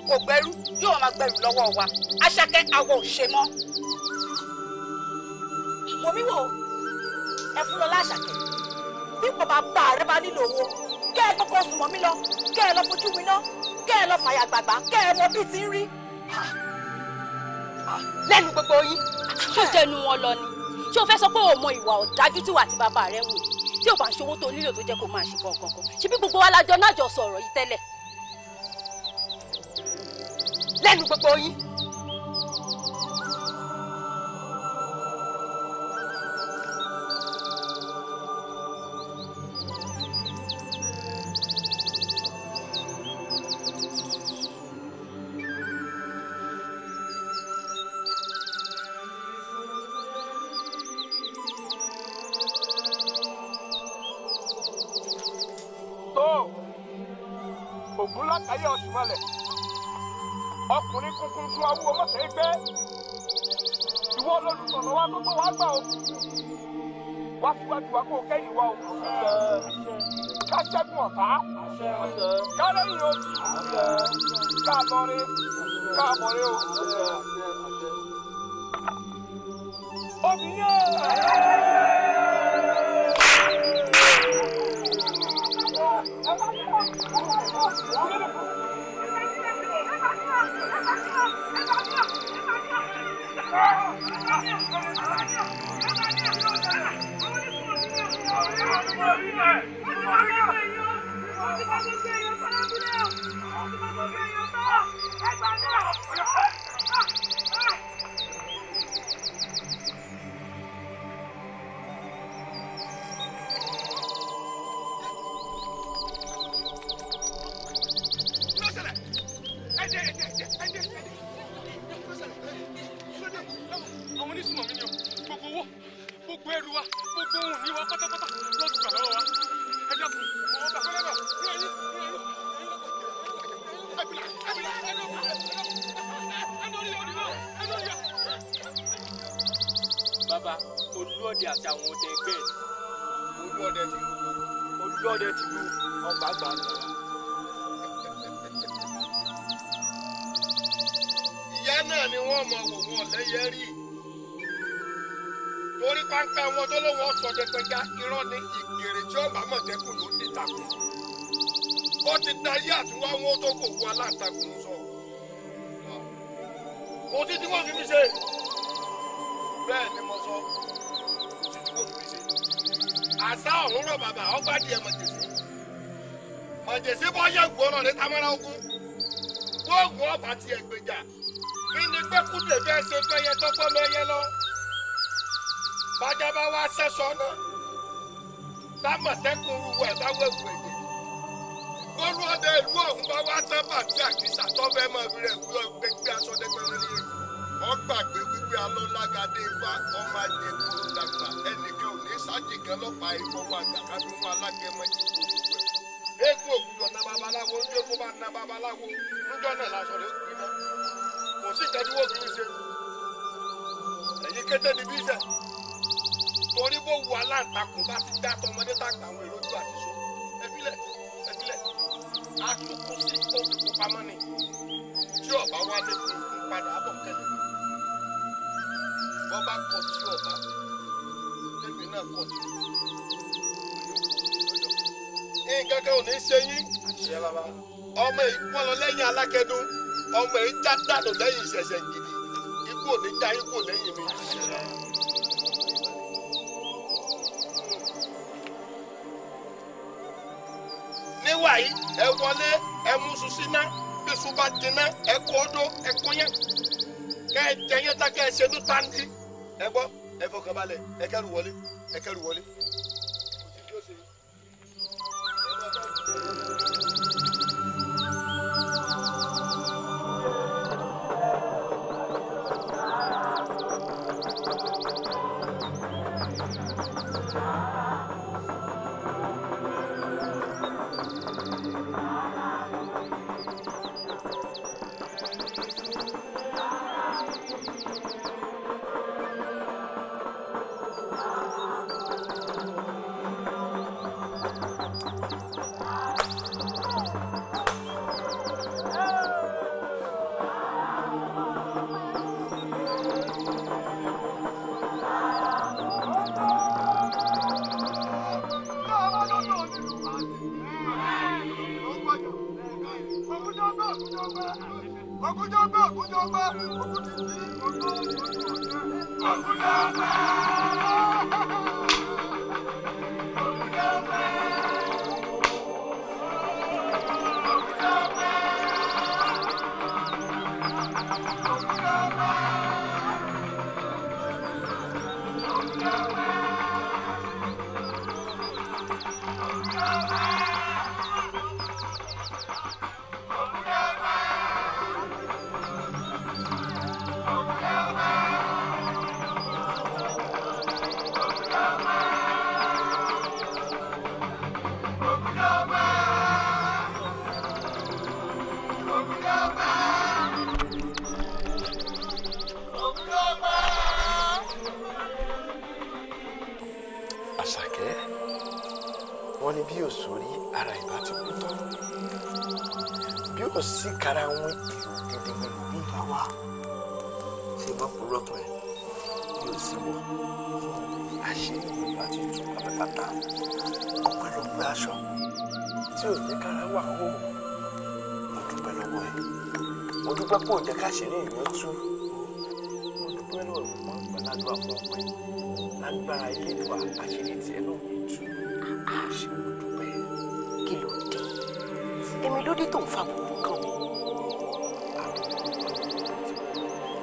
D: kò gbẹrú yóò máa gbẹrù lọ́wọ́ wa aṣáké awọ ò ṣe mọ́. mọ̀mí wo ẹ fún lọ láṣàkẹ́ bí bàbá bá rẹ bá nílò owó kẹ́ ẹ kọ́kọ́ sùn mọ́ mi lọ kẹ́ ẹ lọ fojú mi ná kẹ́ ẹ lọ fàyà gbàgbà kẹ́ ẹ mọ bí ti ń rí. lẹ́nu gbogbo yín o jẹ́nu wọn lọ ni ṣé o fẹ́ sọ pé o mọ ìwà ọ̀dájú tíwà àti bàbá rẹ wò tí o bá ń ṣe owó tó nílò tó jẹ́ kó máa ṣe kọ̀ọ̀kan ṣe bí gbogbo wa lájọ náà jọ sọ̀rọ̀ yìí tẹ́lẹ̀
B: lẹ́nu gbogbo yín. Ohio
A: òwú aláǹtakùn ń sọ kò sí tí fi mí ṣe bẹ́ẹ̀ ni mo sọ kò
C: sí tí fi
A: mí ṣe àṣà ọ̀hún bàbà ọgbà díẹ̀ mọ̀jẹ̀sí mọ̀jẹ̀sí bọ́ yẹ gbọ́nà ní tamara ogun gbọ́ògùn ọba tiẹ̀ méjì kan lọ́pàá ìfọwọ́ àgbàká tó mú alágẹmọ ìdìbò ìwẹ̀. eégún ògùdọ̀ ná babaláwo ń dégún bá ná babaláwo níjọ́ náà lásán ló gbin mọ́ kò sí ìtẹ́júwò kì í ṣe ẹ̀yin kété ni bí sẹ̀ torí bó wu aláǹtakùn bá ti dá tọmọdé tàgbà àwọn èrò ojú àti so ẹbílẹ̀ ẹbílẹ̀ atukù sí òkùnkùn pamọ́ ni
C: tí ọba wa lè
A: fi padà bọ̀ kẹlẹ̀ bọ́ bá kọ tí ọba náà kọ̀ ní. nǹkan kan ò ní ṣe yín. ọmọ yìí pọ́n lọ lẹ́yìn alákẹ́dùn ọmọ yìí já dànù lẹ́yìn ìṣẹ̀ṣẹ̀ gidi ikú ò ní já ikú ò mi. níwà yìí ẹ wọlé ẹ mú susi náà bí su bá jiná ẹ kó odó ẹ kó yẹn kẹ ẹ jẹ yẹn tá kẹ ẹ ṣe tó tán kí ẹ gbọ́ ẹ fọkàn ẹ wọlé ẹ kẹ́rù wọlé.
C: kò sí tí ó ṣe.
A: dúpẹ́ pò jẹ́ káṣírí ìlú tú mo dúpẹ́ lọ́wọ́ ìwọ̀n gbàládùn àpọ̀pẹ́ lágbára
D: ilé wa àṣírí tiẹ̀ náà ní tú ṣé mo dúpẹ́ kí ló dé èmi ló dé tó ń fa gbogbo kan mi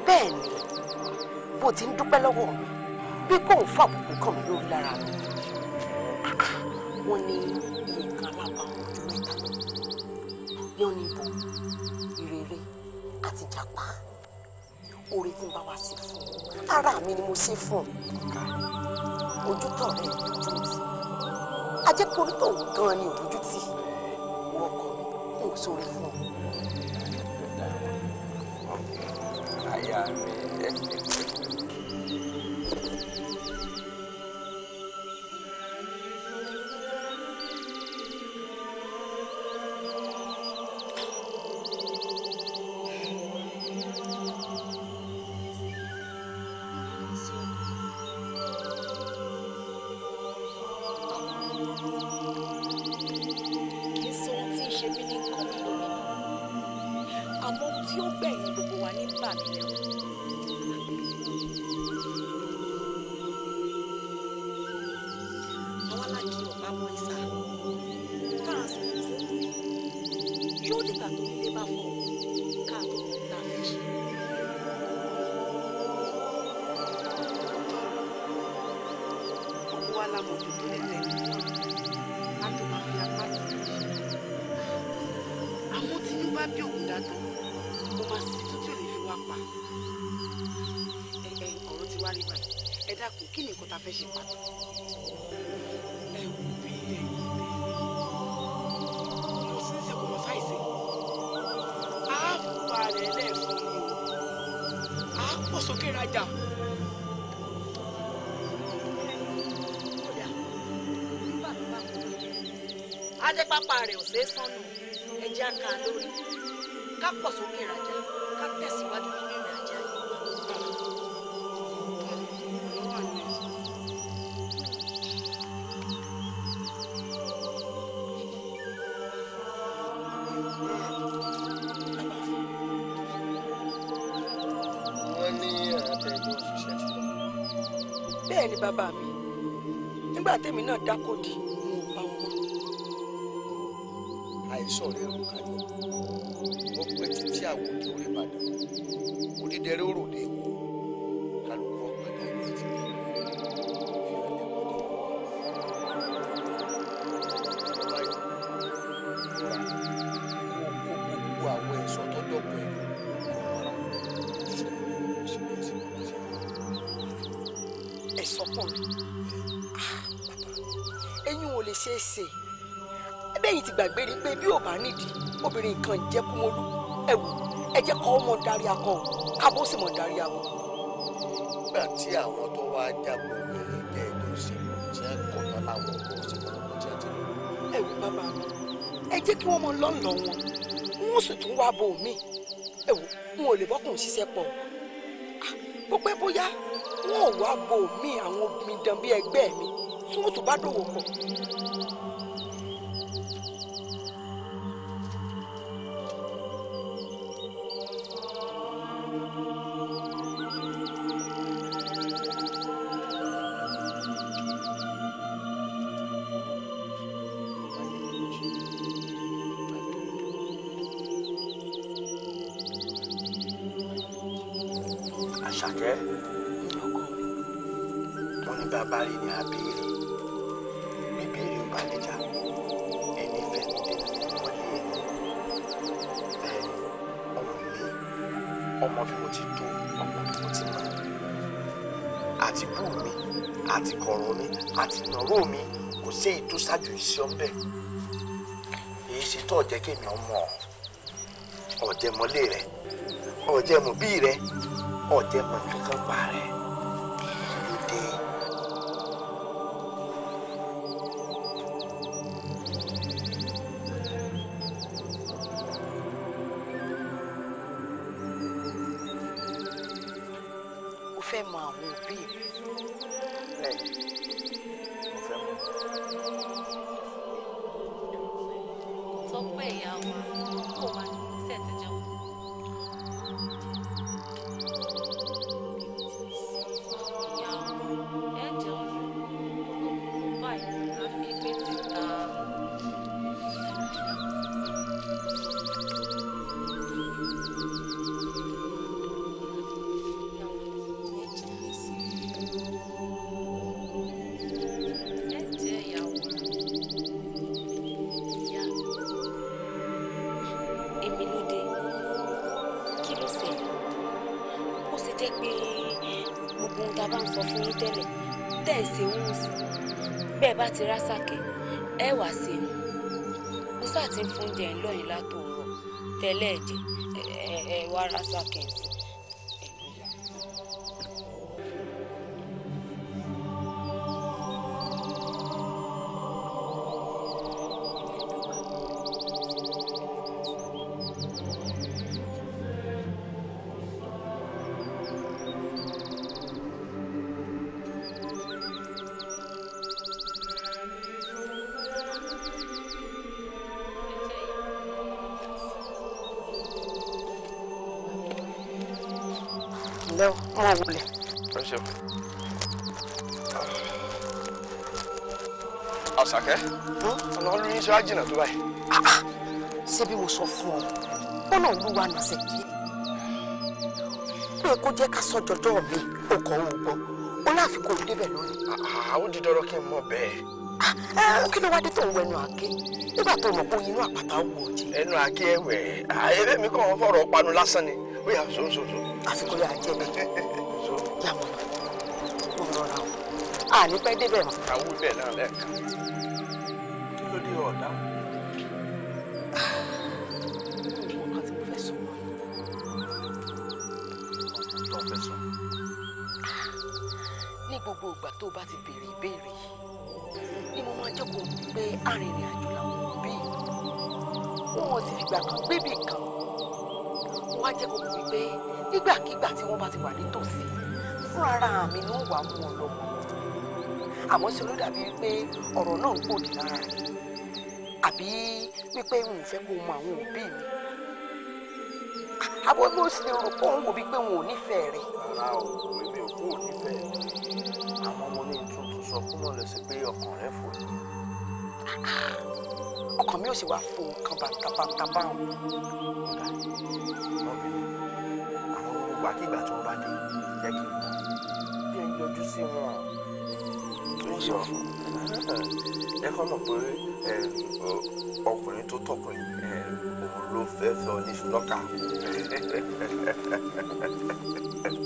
D: bẹ́ẹ̀ ni bó ti ń dúpẹ́ lọ́wọ́ mi bí kò ń fa gbogbo kan mi lórí lára mi. fún bá wa ṣe fún ara mi ni mo ṣe fún ojú tọ̀ rẹ̀ ojú mi ajẹ́kọ̀ọ́rí gan ni òdojú tì wọ́n kọ́ mi ò sórí fún ọ. Cadê papai? vocês são ṣe lẹ́yìn tí gbàgbé rí pé bí ò bá nídìí obìnrin kan jẹ́ kúmọ́lú ẹ̀wù ẹ̀jẹ̀ kọ́ ọmọ darí akọ kábó sì mọ̀ darí akọ. nígbà tí àwọn tó wá jagun obìnrin
A: jẹ́ ètò ìṣèlú tí ẹ kọ́ lọ láwọn ọkọ̀ tí wọ́n mú jẹ́ ti lọ. ẹ̀wù bàbá mi ẹ jẹ́ kí wọ́n mọ lọ́nlọ́ wọn wọ́n sì tún wá bo mi ẹ̀wù n ò lè bọ́kùn ṣiṣẹ́ pọ̀ gbogbo bóyá wọn ò wá bo mi àwọn obìnrin dán
D: bí ẹgbẹ́ mi tí wọ́n tún bá dòwò pọ̀
A: sí ọ bẹ́ẹ̀ èyí ṣe tó ọ̀jẹ́ kémi ọmọ ọ̀jẹ́ mọ́lé rẹ ọ̀jẹ́ mọ́bí rẹ ọ̀jẹ́ mọ́ nǹkan pa rẹ ló dé.
D: ti rásàkẹ́ ẹ wá sí i mo sáà ti ń fún oúnjẹ ńlọyìn látòórọ tẹ́lẹ̀ ẹ̀jẹ̀ ẹ ẹ wá rásàkẹ́
A: làkẹ́ ọ̀nà olórí ṣe wá jìnnà tó báyìí.
D: ṣé bí mo sọ fún ọ ó náà ló wà nàṣẹ kí
A: pé kó jẹ́ ká sọ jọjọ́ mi ó kọ̀ ó gbọ́ ó láàfin kò débẹ̀ lórí. ó di dandan kí n mọ bẹ́ẹ̀. Ah, ó kí ló wá dé tó ń wẹnu àáké nígbà tó mọ̀ pé inú àpáta wù ọ́ jẹ. ẹnu àáké ẹwẹ ẹbẹ mi kàn fọ̀rọ̀ panu lásán ni ó yà sóńsóńsó. àfikún yà jẹ mi <laughs> yà mọ
D: mo rọra o àní pẹ́ débẹ̀ mọ́.
A: àwọn ibẹ̀ náà lẹ́ẹ̀kan.
D: tó o bá ti béèrè ìbéèrè ni mo máa jẹ́ kó o mọ̀ pé arìnrìn àjò làwọn òbí mi wọn ò sì fìgbà kan gbébì kan wọ́n á jẹ́ kó o mọ̀ pé nígbàkigbà tí wọ́n bá ti wà nítòsí fún ara mi ló wà mú ọ lọ àmọ́ ṣe ló dàbí pé ọ̀rọ̀ náà ń gbòdì lára rẹ̀ àbí wípé n ò fẹ́ kó mọ àwọn òbí mi àbọ̀ bí o sì lè rò pé òun wò bíi pé òun ò nífẹ̀ẹ́ rẹ̀. rárá o èmi ò kú ò nífẹ̀ẹ́
A: sọ kó mọ̀ lọ sí pé ọkàn rẹ fò ní. ọkàn mi ò sì wá fún nǹkan bàtàbàtàbà wọn. ọ̀gá ọ̀bìnrin àwọn gbogbo àkìgbà tí wọ́n bá dé
C: jẹ́ kí n mọ̀ bí ẹ ń yọjú sí wọn.
A: ní sọ ẹ kọ́ mọ̀ pé ọkùnrin tó tọkùnrin òun ló fẹ́ fẹ́ ọ ní ṣùlọ́kà.
C: <laughs>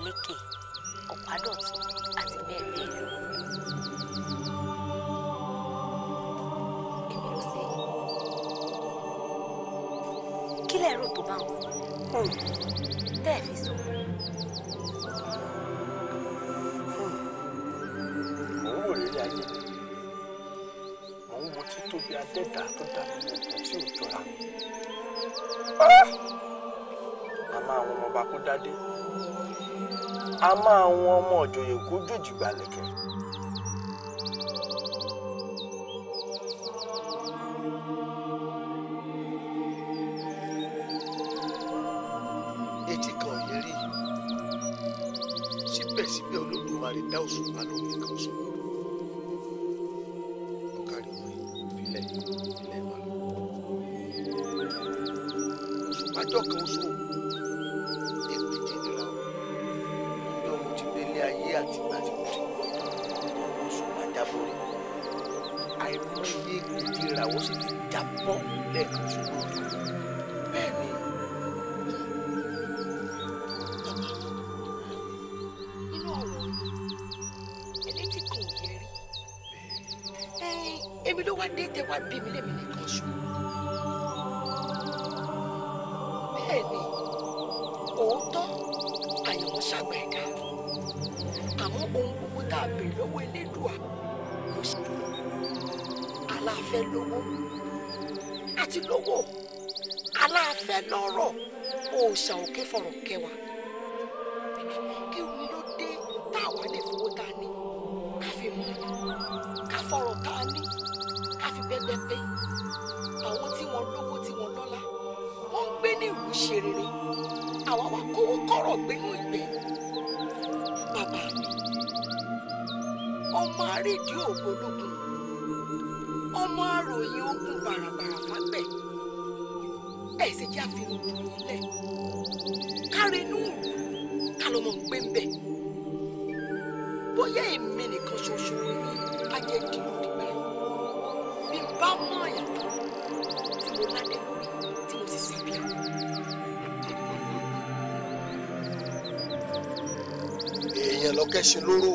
D: Adeleke Ọ̀pádọ̀tún àti bẹ́ẹ̀ bẹ́ẹ̀ lọ. èmi ló ṣe é kí lẹ́rù tó bá wọn hmm. tẹ́ ẹ fi sọ̀rọ̀. Hmm.
A: mo ń wò lórí ayé mi mo ń wo títóbi adẹ́dàá tó dá mi lóògùn tí ò jọra ah! màmá àwọn ọmọ ọba kó dá dé a máa wọn ọmọ ọ̀jọ̀yẹ̀kú jòjì gbàlẹ̀kẹ̀
D: dé tẹ wá bí mi lèmi nìkan ṣù. bẹ́ẹ̀ ni òótọ́ àyẹ̀wò ṣàgbà ẹ̀dá àmọ́ ohun gbogbo tá a béèrè lọ́wọ́ elédùà ló ṣe tó aláàfẹ́ lówó àti lówó aláàfẹ́ lọ́rọ̀ òòṣà òkè fọ̀rọ̀ kẹwàá. sì jẹ́ àfihàn òdùnnú lẹ̀ káre inú ká ló mọ̀ pé ń bẹ̀ bóyá èmi nìkan ṣoṣo ni bá jẹ́ dìrò bí bá mọ àyàtọ̀ tí
C: mo ládé lórí tí mo sì sábìá.
A: èèyàn lọ lóró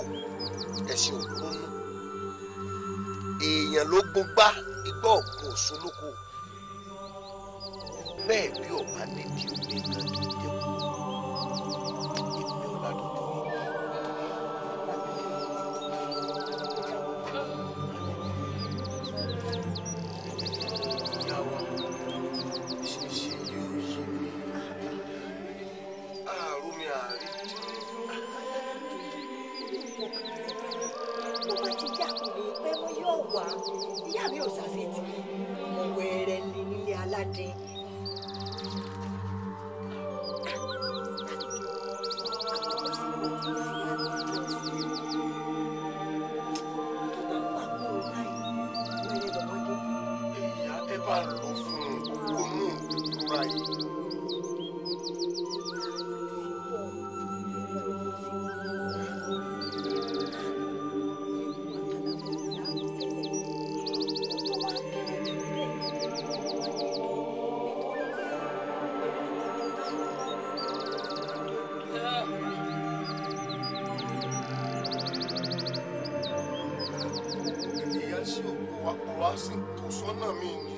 A: ẹ̀sìn òdùnnú èèyàn ló gbógbá igbó òkú òṣùlùkù bẹ́ẹ̀ bí ò bá nídìí omi kan kì í ṣé òkú wa kò wá sí ìtòsọ́nà mi ni.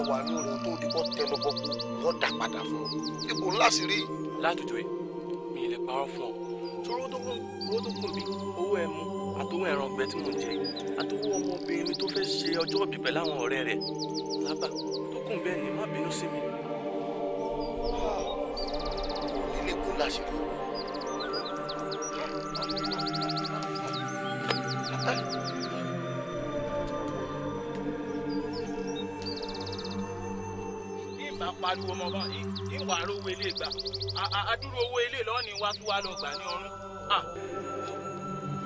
A: wà ní rẹ̀ tó di kọ́ tẹnubọ kú wọ́n dà padà fún ọ. ipò ńlá sì rí. látòjọ ẹ mi ì lè parọ́ fún ọ tóró tó kùn mí owó ẹ mú àtọwọ́ ẹran ọgbẹ tí mò ń jẹ àtọwọ́ ọmọbìnrin tó fẹ́ ṣe ọjọ́ òbí pẹ̀lú àwọn ọ̀rẹ́ pariwo mọ́ báyìí ìwà arówó ilé gbà àdúró owó ilé lọ́ọ̀ni wá tún wá lọ gbà ní ọ̀run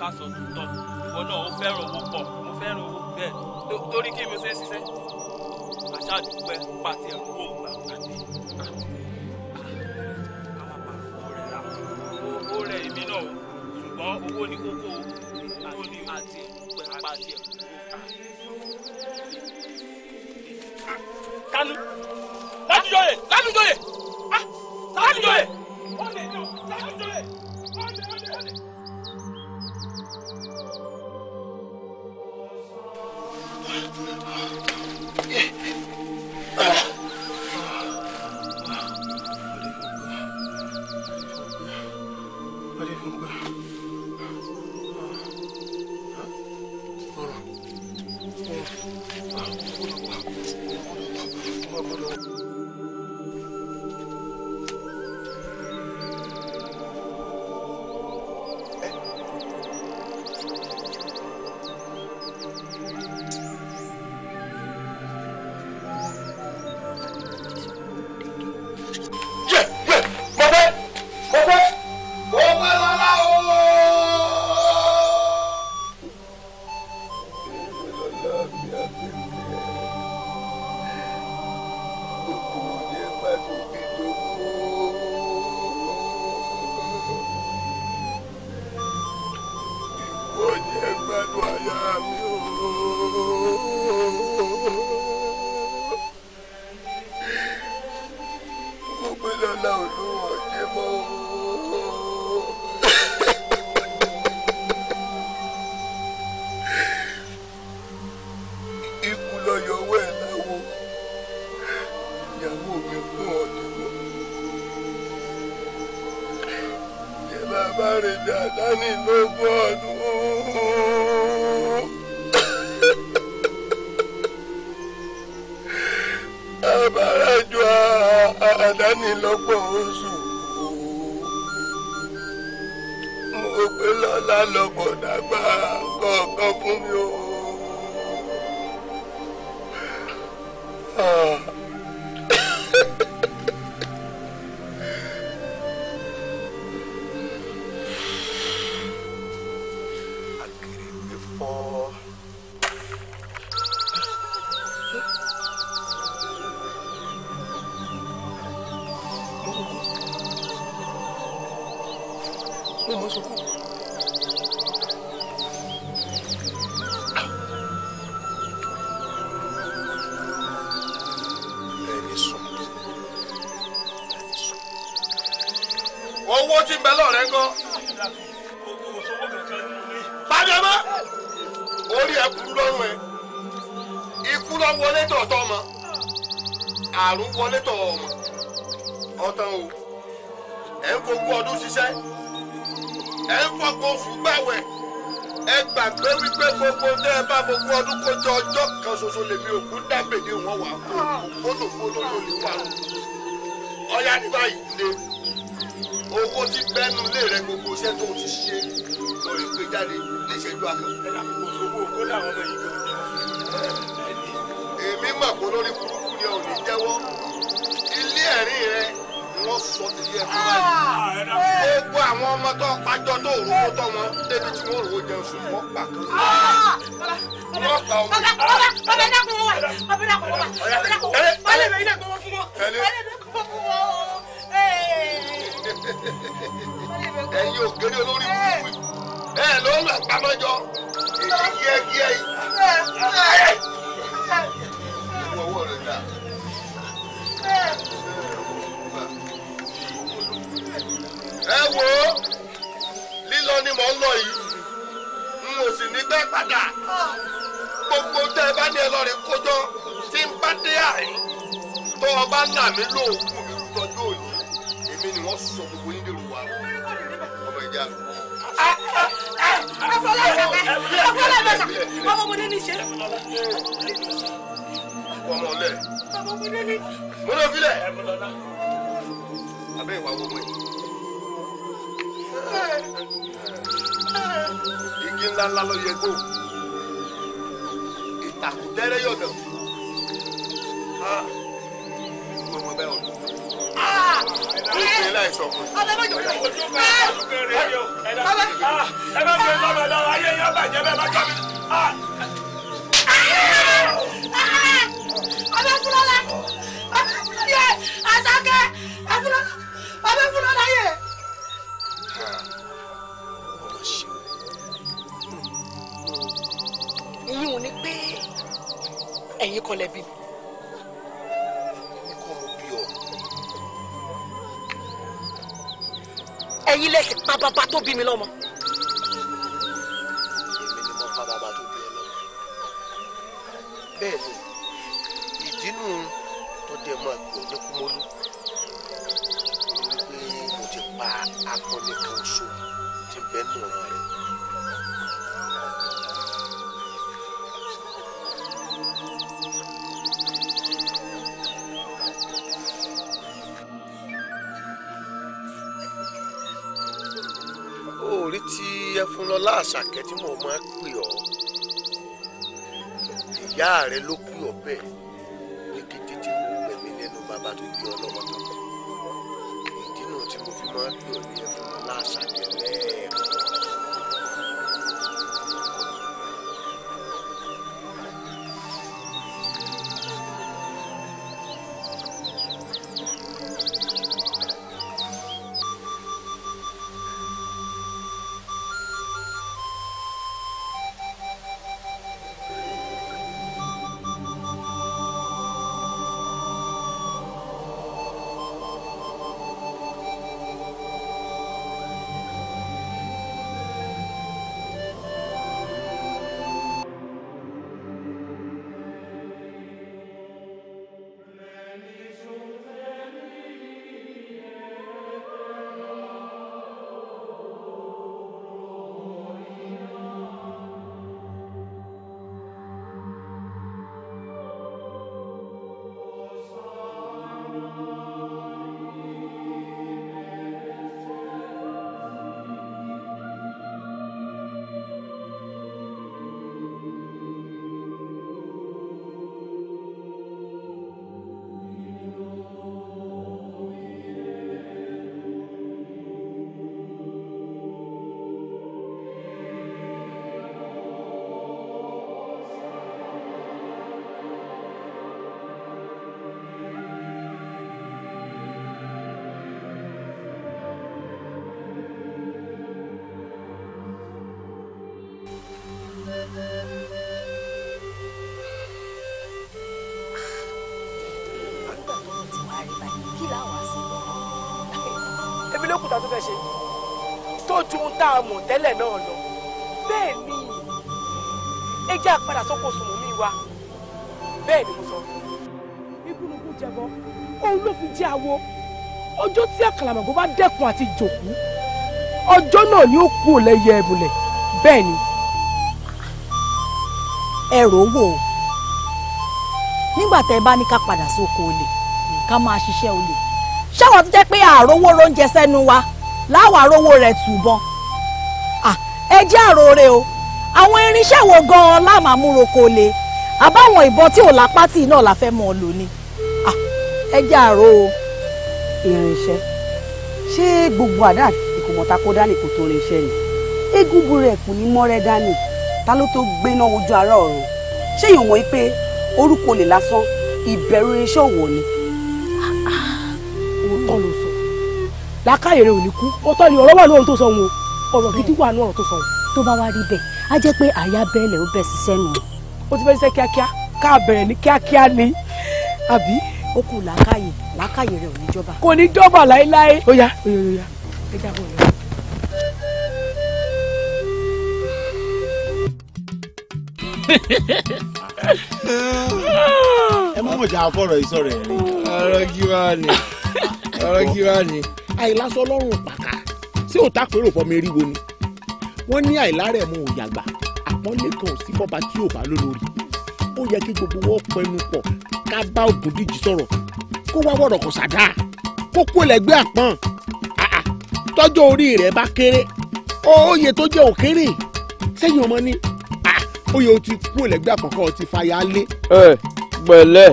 A: ká sọ tòótọ́
C: ìwọ náà ó fẹ́ràn owó
A: pọ̀ mo fẹ́ràn owó bẹ́ẹ̀ torí kí mi ṣe é ṣiṣẹ́ àṣà àdúgbò pàtẹ ẹ̀rọ Mommy, yẹ kó ìtàkùn tẹ́rẹ́ yọ̀dọ̀ gbogbo
C: ọmọ bẹ́ẹ̀ ọdún. Ní ìpínlẹ̀
B: láìsọ fún mi. Ọ̀dọ́ mọ̀jọ̀ ló ń bá. Ẹ bá mi lọ bẹ̀ lọ́wọ́ ayé yẹn bàjẹ́ bẹ́ẹ̀ bá jọ mi. Ọbẹ̀ fúnlọ́lá. Ọbẹ̀ fúnlọ́lá yẹ. Àṣàkẹ́. Ọbẹ̀ fúnlọ́lá yẹ.
D: ẹ̀yin kọ́ lẹ́bi mi.
A: ẹ̀yin lẹ́sìn pa bàbá tó bí mi lọ́mọ. èmi ni mo pa bàbá tó bí ẹ lọ́mọ. bẹ́ẹ̀ ni ìdínú tó dẹ̀ mọ́ ẹ̀kọ́ ní kúmọ́lú ni pé mo ti pa akọni kan oṣù tí bẹ́ẹ̀ nù ọ̀rọ̀ rẹ̀. Ọlọ́lá Àṣàkẹ́ tí mo máa ń pè ọ́ ìyá rẹ ló pè ọ́ bẹ́ẹ̀.
D: tẹ́lẹ̀ náà lọ bẹ́ẹ̀ ni ẹ jẹ́ àpadà sóko sùnmùmí wa bẹ́ẹ̀ ni mo sọ ikúnukú jẹbọ òun ló fi jẹ àwo ọjọ́ tí àkàlàmọ̀gbọ́n bá dẹ́kun àti jòkú
A: ọjọ́ náà ni ó kú òlẹ́yẹ ẹ̀bùlẹ̀ bẹ́ẹ̀
D: ni ẹ̀rọ wò ó nígbà tẹ́ ẹ bá ní ká padà sóko olè ká máa ṣiṣẹ́ olè ṣáwọn tó jẹ́ pé àròwó oúnjẹ sẹ́nu wa láwọn àròwó rẹ̀ tùbọn ẹ jẹ́ àròrè o àwọn irinṣẹ́ wo gan-an lámàmúroko le àbáwọn ìbọn tí ò lápá tì náà la fẹ́ mọ̀ ọ́ lò ni ẹ jẹ́ àrò o. irinṣẹ́ ṣé gbogbo àdá ìkòmọ̀ta kó dání kò tó irinṣẹ́ ni egungun rẹ̀ kò ní mọ́rẹ́ dání ta ló tó gbéná ojú ara ọ̀run ṣé èèyàn mọ̀ pé orúkọ lè lásán ìbẹ̀rù irinṣẹ́ òwò ni. Ah, ah, òótọ́ ló sọ làákàyèrè ò ní kú ó ni ọ̀rọ̀ wà lóhun tó sọ wọn o ọ̀rọ̀ gidi wà nù ọ̀rọ̀ tó sọ̀rọ̀. tó bá wá rí bẹ́ẹ̀ á jẹ́ pé àyà bẹ́ẹ̀lẹ̀ ó bẹ̀ ṣiṣẹ́ nù. ó ti fẹ́ ṣiṣẹ́ kíákíá ká bẹ̀rẹ̀ ní kíákíá ni àbí. ó kù làákàyè làákàyè rẹ̀ ò ní jọba. kò ní jọba láéláé. ó yá ó yá ó yá ẹ jábọ̀ rẹ̀.
A: ẹ mọ̀ mọ̀jà afọ́rọ̀ ìsọ̀rọ̀ ẹ̀ rí. ọ̀rọ̀ kí wàá ní ọ̀rọ̀ kí wàá ní. àìlásọ ọlọ́run pàkà sí òtá pérò fọmọ eré wo ni wọ́n ní àìlárẹ̀ mu òyàgbà àpọ́nlé kan ò sí bọ́ba tí ò bá lólórí ó yẹ kí gbogbo wọn pẹnu pọ̀ ká bá Ògúndíjì sọ̀rọ̀ kó wá wọ̀rọ̀ kò sàdá kó kó lẹ́gbẹ́ àpọ́n tọ́jọ́ orí rẹ̀ bá kéré oyè tó jẹ́ òkéré sẹ́yìn ọmọ ni oyè o ti kú lẹ́gbẹ́ àpọ̀kọ́ ti fàyà lé. ẹ gbẹlẹ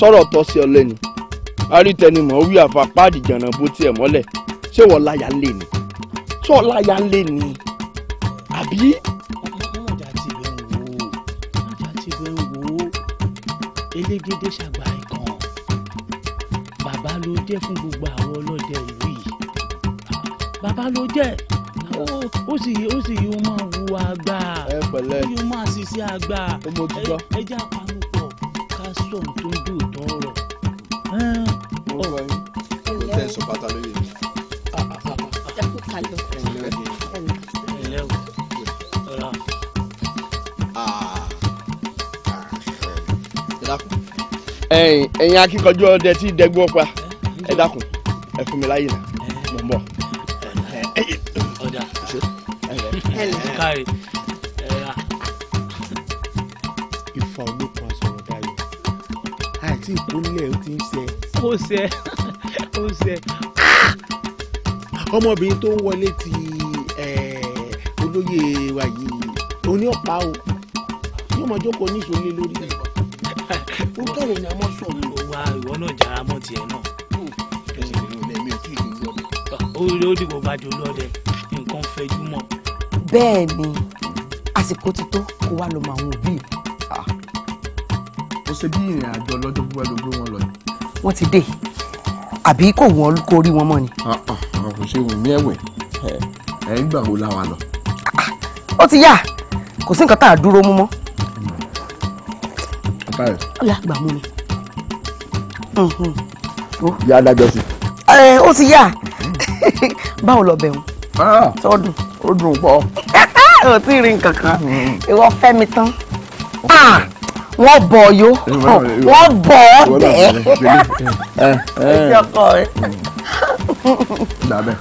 A: sọ̀rọ̀ tọ sí ọ lẹ́nu arítẹnumọ wí àfapá àdìjànà bó tiẹ̀ mọ́lẹ̀ ṣé wọn láyà lé ni ṣọ́ọ̀lá ya ń lé ni àbí. ọmọdé àti ìbẹ̀ ń wò ọmọdé àti ìbẹ̀ ń wò elégédé ṣàgbà ìkan bàbá ló jẹ́ fún gbogbo àwọn ọlọ́dẹ ìlú yìí bàbá ló jẹ́ ó sì ó sì yóò máa wu àgbà yóò máa ṣiṣẹ́ àgbà ẹ jẹ́ ká sọ̀rọ̀ tó dùn tọ́ ọ̀rọ̀. ó ń sọ bàtà lóye. ẹ̀yin ẹ̀yin akíkanjú ọdẹ tí dẹgbó ọpa ẹ dákun ẹ fún mi láyè náà mo ń bọ̀.
C: ọ̀dà káre ẹ̀ra.
A: ìfà olókun àsọ̀rọ̀ dayọ̀ àti ìpínlẹ̀ ó ti ń ṣe. ó ṣe ó ṣe. ọmọbìnrin tó ń wọlé ti olóyè wa yìí oní ọ̀pá o yóò máa jókòó ní ìṣòlè lórí tó
D: kẹ̀rẹ̀ ni a mọ̀ sọ̀rọ̀.
A: wa ìwọ náà jara mọ́ tiẹ̀ náà. ó rí ó dìbò bá jòlú ọdẹ nǹkan fẹjú mọ́.
D: bẹ́ẹ̀ ni àsìkò ti tó kó wá lọ́mọ àwọn òbí ah. ó ṣe bí ìrìn
A: àjò ọlọ́jọ́ gbígbá ló gbé wọn lọ
D: wọ́n ti dé àbí kò wọ́n kó rí wọn mọ́ ni.
A: Ah, ah, kò ṣe wù mí ẹ̀wẹ̀ ẹ̀ ń gbà wo láwa lọ.
D: ó ti yá kò sí nǹkan tá a dúró mú mọ́ apá rẹ. ó yà gbà mú mi. yà á dájọ́ sí. ẹ ó ti yà báwo lọ bẹ̀rù. tó dùn. ó dùn pọ̀. ò tí ì rí nǹkan kan hmm. ìwọ fẹ́ mi tán wọ́n bọ̀ yó
B: wọ́n bọ̀ ọ́ tẹ̀ ẹ́ ẹ́ ọkọ rẹ̀. dàbẹ̀.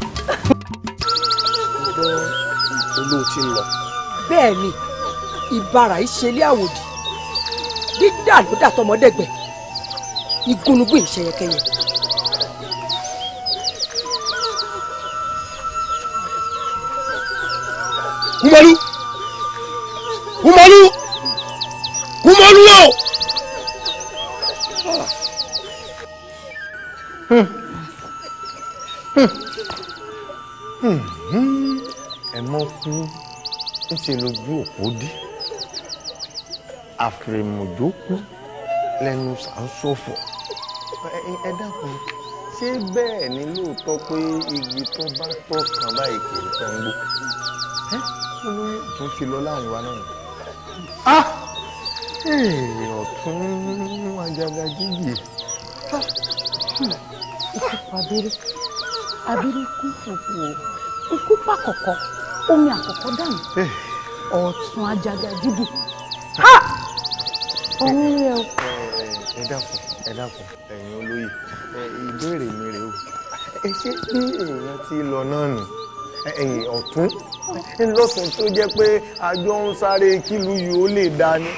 A: olóò ti
D: bẹ́ẹ̀ ni ìbára ìṣẹ̀lẹ̀ àwòdì dídà ló dà tọmọdẹgbẹ igúnnugún ìṣẹyẹkẹyẹ.
B: Kumalu Kumalu Kumalu o.
A: ẹ mọ kú ń ṣe lójú òpó dí àfìrìmọ̀jókù lẹ́nu sàǹsọ̀fọ̀ ẹ dákun ṣé bẹ́ẹ̀ ni lóòótọ́ pé igi tó bá tọ́ kan báyìí kì í tán gbó olórí ọ̀tún ti lọ láwọn wa náà ah ọ̀tún
D: ajaga jíjì abiri abiri kú fùfù o ikú pàkọ́kọ́ omi àkọ́kọ́ dànù ọ̀tún ajaga jíjì onílé o.
A: ẹ dákun ẹ dákun ẹ̀yin olóyè ìbéèrè mi rèé o ẹ ṣe bí èèyàn ti lọ náà nù ẹ̀yìn ọ̀tún ńlọ́sùn tó jẹ́ pé àjọ ń sáré kílù yìí ó lè dáa ni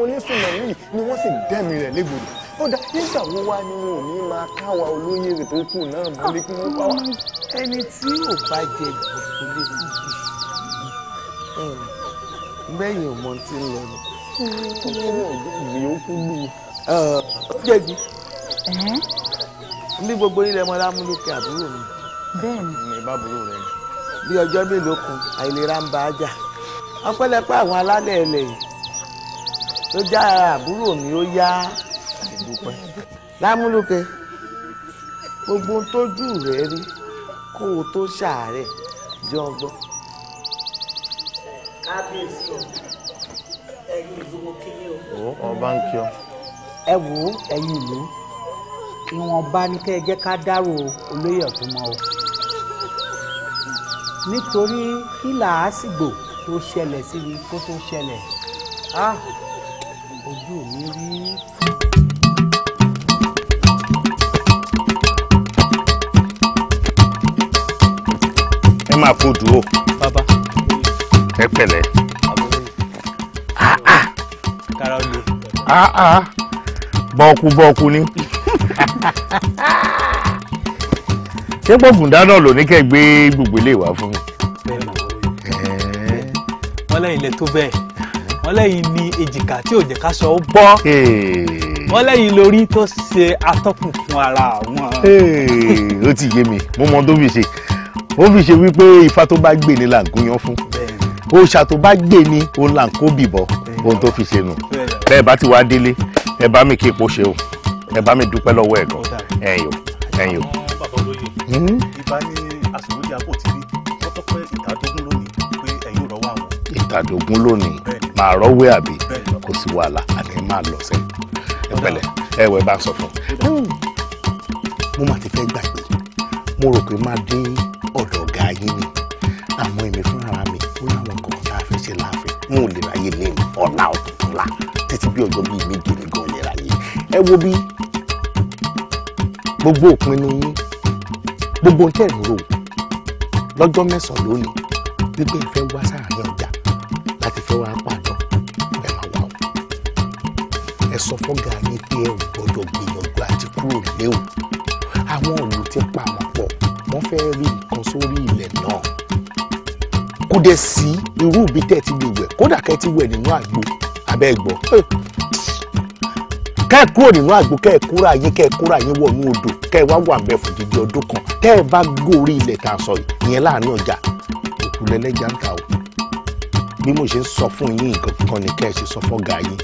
A: onísùnmọ̀ yìí ni wọ́n sì dẹ́mi rẹ̀ légbodò ó nígbà wo wá ni wọn ò ní máa káwa olóyè rẹ̀ tó kù náà mọ́lé kí wọ́n bá wà. ẹni tí ò bá jẹ gbòkó lè kú bí bẹ́ẹ̀ yẹn ò tí ń lọ nù.
C: yòókù
A: bí gbogbo ilẹ̀ mọ́lá múlùkẹ́ àbúrò mi bẹ́ẹ̀ni ní bí ọjọ́ mélòó kan àìlera ń bá a àwọn alálẹ̀ ẹlẹ̀ tó já gbogbo tójú rí kó o tó ṣàárẹ̀ jẹ́ ọgbọ́n. ọba ń kí ọ. ẹ wò ó ẹ̀yin ìlú ìwọ̀nba ni kẹ́ ẹ jẹ́ ká dárò olóyè ọ̀túnmọ̀ o nítorí kí làásìgbò tó ṣẹlẹ̀ sí mi kó tó ṣẹlẹ̀
C: ojú mi rí.
A: ẹ máa kó dúró. ẹ pẹ̀lẹ́ kára ah, le. Ah. bọ́ọ̀kú bọ́ọ̀kú ni ṣé pọ̀fùndà náà ló ní kẹ́ gbé gbogbo ilé wa fun. Eh. wọ́n lẹ́yìn lẹ tó bẹ́ẹ̀ wọ́n lẹ́yìn ní èjìká tí ò jẹ́ ká sọ Eh. bọ́ wọ́n lẹ́yìn lórí tó ṣe atọ́kùn fún ara wọn. ó ti yé mi mo mọ tó fi ṣe ó fi ṣe wípé ifá tó bá gbè ní là ń gúnyán fún òòṣà tó bá gbè ní òun là ń kó bìbọ ohun tó fi ṣe nù bẹ́ẹ̀ bá ti wá délé ẹ bá mi kí epo ṣe o ẹ bá mi dúpẹ́ lọ́wọ́ ẹ̀ gan ẹ̀yìn o ẹ̀yìn o. Hmm? ìbá ní àsòwòdì àpò tí wọ́n tọ́ pé ìtàdógún lónìí pé ẹ̀yìn rọ̀ wà wọ́n. rọ́wé àbí kò sí wàhálà àti máa lọ sẹ́ ẹ pẹ̀lẹ́ ẹ wẹ bá sọ fún hmm. mo mà ti fẹ́ gbà pé mo rò pé má dé ọ̀dọ̀ ọ̀gá yín ni àmọ́ èmi fúnra mi ó láwọn kọ̀ọ̀kan tá a fẹ́ ṣe láàfin mo lè ráyè lé ọ̀la ọ̀la títí bí ọjọ́ bíi méje ní gan lè ráyè ẹ wo bí gbogbo òpinnu yín gbogbo ohun tẹ̀ ń rò lọ́jọ́ mẹ́sàn-án lónìí wípé ìfẹ́ wá sáàárín ọjà láti fẹ́ wá pàdán ẹ máa wà ó ẹ sọ fọ́gà yín pé ẹ ò gbọ́dọ̀ gbìyànjú àti kúrò léwu àwọn òòlù ti pa àwọn pọ̀ wọ́n fẹ́ rí i kò dẹ̀ sí irú ibi tẹ́ ti lè wẹ̀ kódà kẹ́ ti wẹ̀ nínú àgbo abẹ́ gbọ́ kẹ́ ẹ̀ kúrò nínú àgbo kẹ́ ẹ̀ kúrò ayé kẹ́ ẹ̀ kúrò ayé wọnú odò kẹ́ ẹ̀ wá wà bẹ́ẹ̀ fún dídí ọdún kan tẹ́ ẹ bá gòrí ilẹ̀ tá sọ ìyẹn láàánú ọjà òkú lẹ́lẹ́jà ń ta o bí mo ṣe ń sọ fún yín nǹkan kan ni kẹ́ ẹ ṣe sọ fún ọ̀gá yín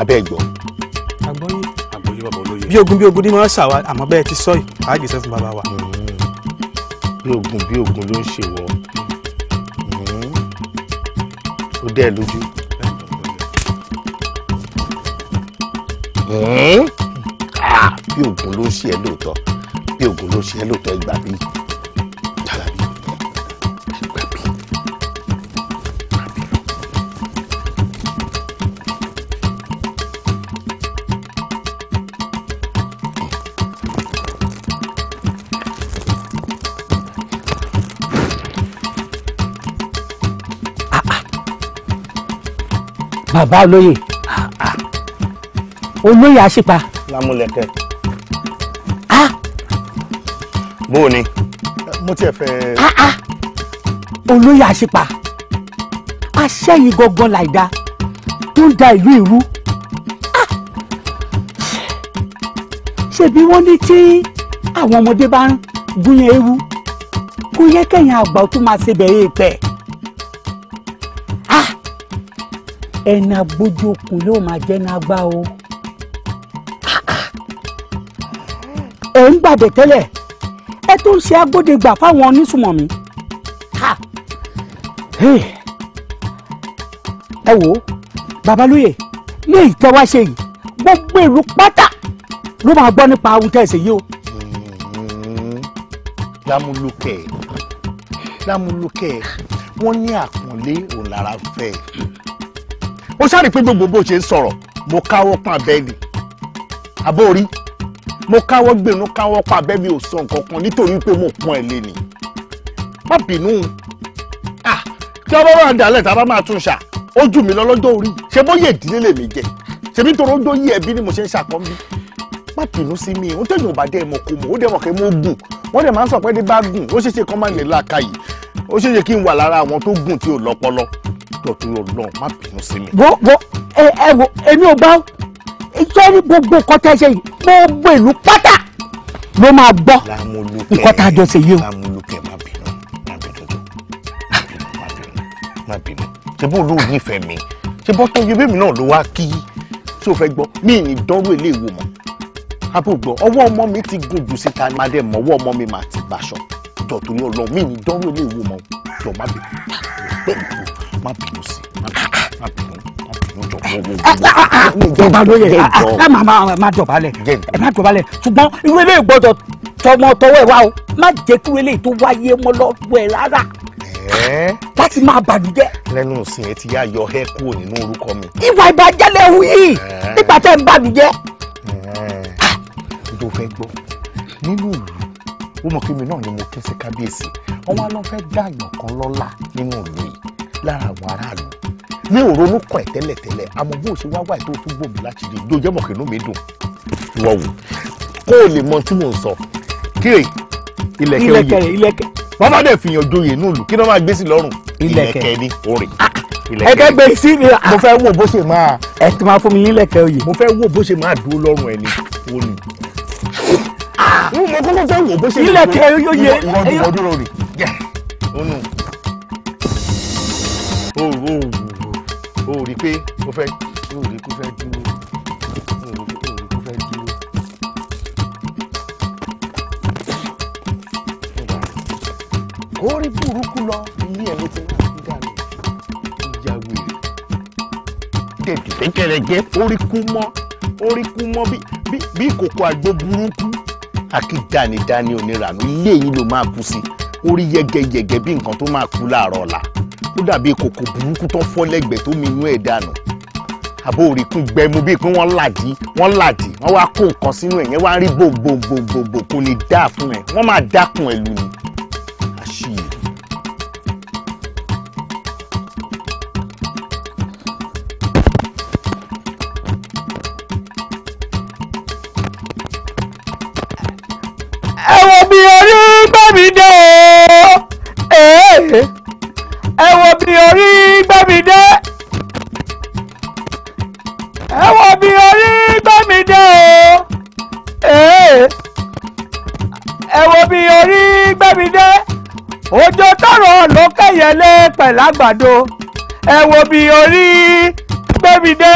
A: abẹ́ gbọ́. àgbọ̀yé àgbọ̀yé bàbá olóye. bí ogun bí ogun ni wọ́n hmm. ló ń ṣèwọ́ tó dẹ́ lójú. Ah, bí oògùn ló ṣe é lóòótọ́ bí oògùn ló ṣe é lóòótọ́ ìgbà bíi. bàbá olóyè olóyè àṣìpa. lámúlẹ̀kẹ́. bó o ní. mo tiẹ̀ fẹ́. olóyè àṣìpa aṣẹ́yìn gangan láìda tó ń da ìlú ìrú.
D: ṣebí wọ́n ní tí àwọn ọmọdé bá ń gúnyán ewu kò yẹ kẹ́yìn àgbà tó máa ṣe bẹ̀rẹ̀ pẹ̀. ẹni agbójú okùn ló máa jẹ́ ní agbá o ẹ̀ ń gbàdé tẹ́lẹ̀ ẹ tó ń ṣe agbódegbà fáwọn onísùmọ̀mí
A: ẹ wò ó babalóye ní èyí tẹ́ wá ṣe yìí gbogbo èrò pátá ló máa gbọ́ nípa awùtẹ́ ẹ̀sẹ̀ yìí o. lámúlùkẹ́ hmm. lámúlùkẹ́ wọ́n ní àpọ́nlé òun lára fẹ́ ó sáré pé gbogbo bó ṣe ń sọ̀rọ̀ mo káwọ́ pọ́n abẹ́bí àbórí mo káwọ́ gbẹ̀nú káwọ́ pọ́n abẹ́bí ò sọ nǹkan kan nítorí pé mo pọ́n ẹ̀ lé ni má bínú tí ọba wà dálẹ̀ tá a bá máa tún ṣà ó jù mí lọ́lọ́jọ́ orí ṣe bóyá ìdílé lèmi jẹ ṣèbí tó rọ́jò yí ẹbí ni mo ṣe ń ṣàkọ́bí má bínú sí mi ó tẹ̀yìn òbá dẹ́ mọ̀ kó mọ̀ ó dẹ̀ mọ̀ kẹ́ mo gùn wọ́n dẹ̀ máa ń sọ pé ní bá gùn ó ṣeéṣe kán má ní làákàyè ó ṣeéṣe kí n wà lára àwọn tó gùn tí ò lọ́pọlọ dọ̀tún ọlọ́run má bínú sí mi. wo wo
B: ẹ ẹ wo èmi ò gbọ́ sọ́ọ́rí gbogbo nǹkan tẹ́
A: ṣe yìí gbogbo ìlú pátá ló máa gbọ́ nǹkan tá a jọ ṣe yìí o. lámúlùkẹ́ má bínú má bínú má bínú má bínú ṣe bó olóògùn ìfẹ́ mi ṣe bó tó yebí mi náà ló wá kí tí o fẹ́ gbọ́ mí ní dánwó ilé ìwò mọ́ abúgbọ́ ọwọ́ ọmọ mi ti gùn jù síta ní adé mọ́ ọwọ́ ọmọ mi máa ti bàṣọ jọ̀ọ́ torí ọlọ́run mí ní dánwó ilé ìwò mọ́ jọ̀ọ́ má bínú má bínú sí má bínú má
C: bínú jọ fún mi.
A: ìjọba ló yẹ ẹ má má má dọ̀bálẹ̀ ẹ má dọ̀bálẹ̀ ṣùgbọ́n irú eléyìí gbọ́dọ̀ tọmọ tọwọ́ ẹ wá o má jẹ́ kí irú eléyìí tó wáyé mọ́ lọ́wọ́ ẹ rárá láti máa bànújẹ́. lẹ́nu ìsìn ẹ ti yá yọ ẹ kúrò nínú orúkọ mi. ìwà ìbàjẹ́ lè yìí nígbà tẹ́ ń bànújẹ́. ló fẹ́ gbọ́ nínú ìlú ó mọ̀ kí mi náà ni mo kẹ́sẹ̀ kábíyèsí wọ́n wá lọ́ fẹ́ dá kan lọ́lá nínú ìlú yìí lára àwọn aráàlú mi ò ronú kàn tẹ́lẹ̀tẹ́lẹ̀ àmọ́ bó o ṣe wá wà tó tún láti rí ìjọ jẹ́ mọ̀kínú mi dùn ìwọ wò kó o lè mọ tí mò ń sọ kíre ilẹ̀kẹ̀ oyè ilẹ̀kẹ̀ bàbá dẹ̀ fìyàn joyè nílùú kí ni wọ́n máa gbé sí lọ́rùn ilẹ̀kẹ̀ ni orin ah, ah, ẹ̀kẹ́ gbé sí ni ah. mo fẹ́ wò bó ṣe máa ẹ̀ tó máa fún mi nílẹ̀kẹ̀ oyè mo fẹ́ wò bó ṣe máa dúró lọ́rùn ẹni
D: ni hmm, mo kọ́kọ́
A: fẹ́ o o o rí pé o fẹ́ o rí kó fẹ́ dúró o rí kó fẹ́ dúró. kórè burúkú lọ ilé ẹ̀ ló ti máa fi dànù ìyá wèrè. tètè tẹ́tẹ̀rẹ jẹ́ orí kú mọ́ orí kú mọ́ bí kòkó àgbo burúkú àkí dánidáni oníranú ilé yìí ló máa kú sí orí yẹgẹyẹgẹ bí nǹkan tó máa kú láàárọ̀ ọ̀la ó dàbí kòkò burúkú tó ń fọ́ lẹ́gbẹ̀ẹ́ tó mi inú ẹ̀ dànù àbó òrìkún gbẹmu bíi pé wọ́n làdí wọ́n làdí wọ́n wá kó nǹkan sínú ẹ̀ yẹn wá rí gbogbogbogbogbò kò ní dáa fún ẹ̀ wọ́n máa dákun ẹ̀ lù ní.
B: ẹ wo bí orí gbẹ̀mí dé mi dé ẹ wọ bí orí gbé mi dé o ẹ wọ bí orí gbé mi dé òjò tọrọ ló kẹyẹlé pẹ̀lágbàdo ẹ wọ bí orí gbé mi dé.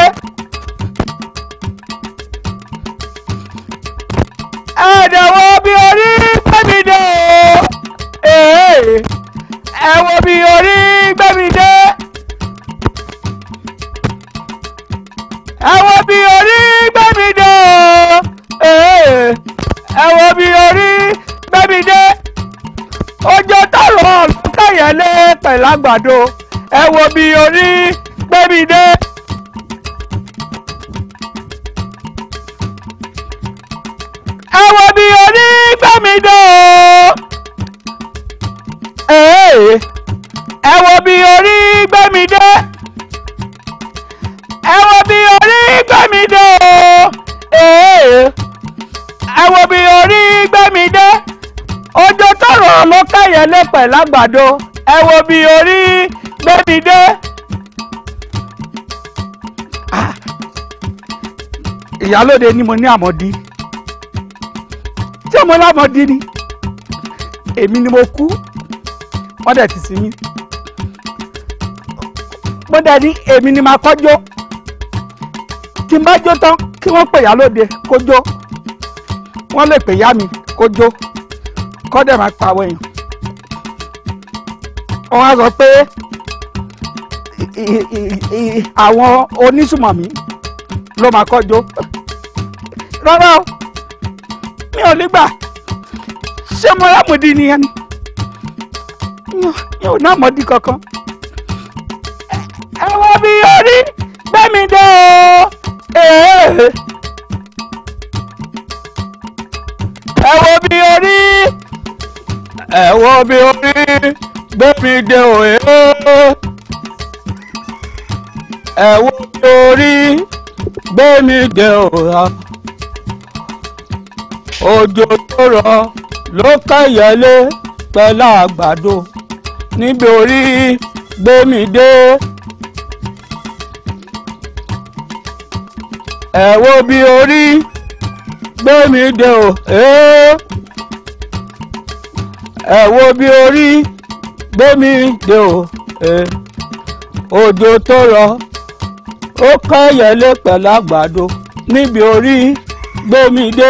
B: àgbàdo ẹ wo bí orí gbẹ́bí dé. ẹ wo bí orí gbẹ́mí dé o. ẹ wo bí orí gbẹ́mí dé. ẹ wo bí orí gbẹ́mí dé o. ẹ wo bí orí gbẹ́mí dé. ọjọ́ tọrọ ló káyẹ̀ lẹ́pẹ̀ lágbàdo wo bí orí gbé mi dé. ìyálóde ni mo ní àmọ̀dí ṣé mo lámọ̀dí ni èmi ni mo
A: kú wọ́n dẹ̀ ti sin yín mo dẹ̀ ní èmi ni màá kọ́jọ́ kí n bá jó tán kí wọ́n pè ìyálóde kó jó wọ́n lè pè ìyá mi kó jó kọ́ dẹ̀ máa pa àwọn èèyàn
B: wọ́n á sọ pé àwọn onísùmọ̀mí ló máa kọjọ rárá o mi ò lè gbà ṣé mo lámòdì nìyẹn ni mi ò ní àmọ́dí kankan ẹ wọ́n bí yóò rí gbẹ́mí dé o ẹ wo bí orí ẹ wo bí orí gbẹ́fin de òye ẹ̀wọ́ torí gbẹ́mi de òra òjò tó rọ̀ ló kẹ́yẹlé pẹ̀lú àgbàdo níbi orí gbẹ́mi dé. ẹ̀wọ́ bí orí gbẹ́mi de òye ẹ̀wọ́ bí orí gbómi dè o òjò tó rọ ó kọ́yẹ̀lé pẹ̀lú àgbàdo níbi orí gbómi dé.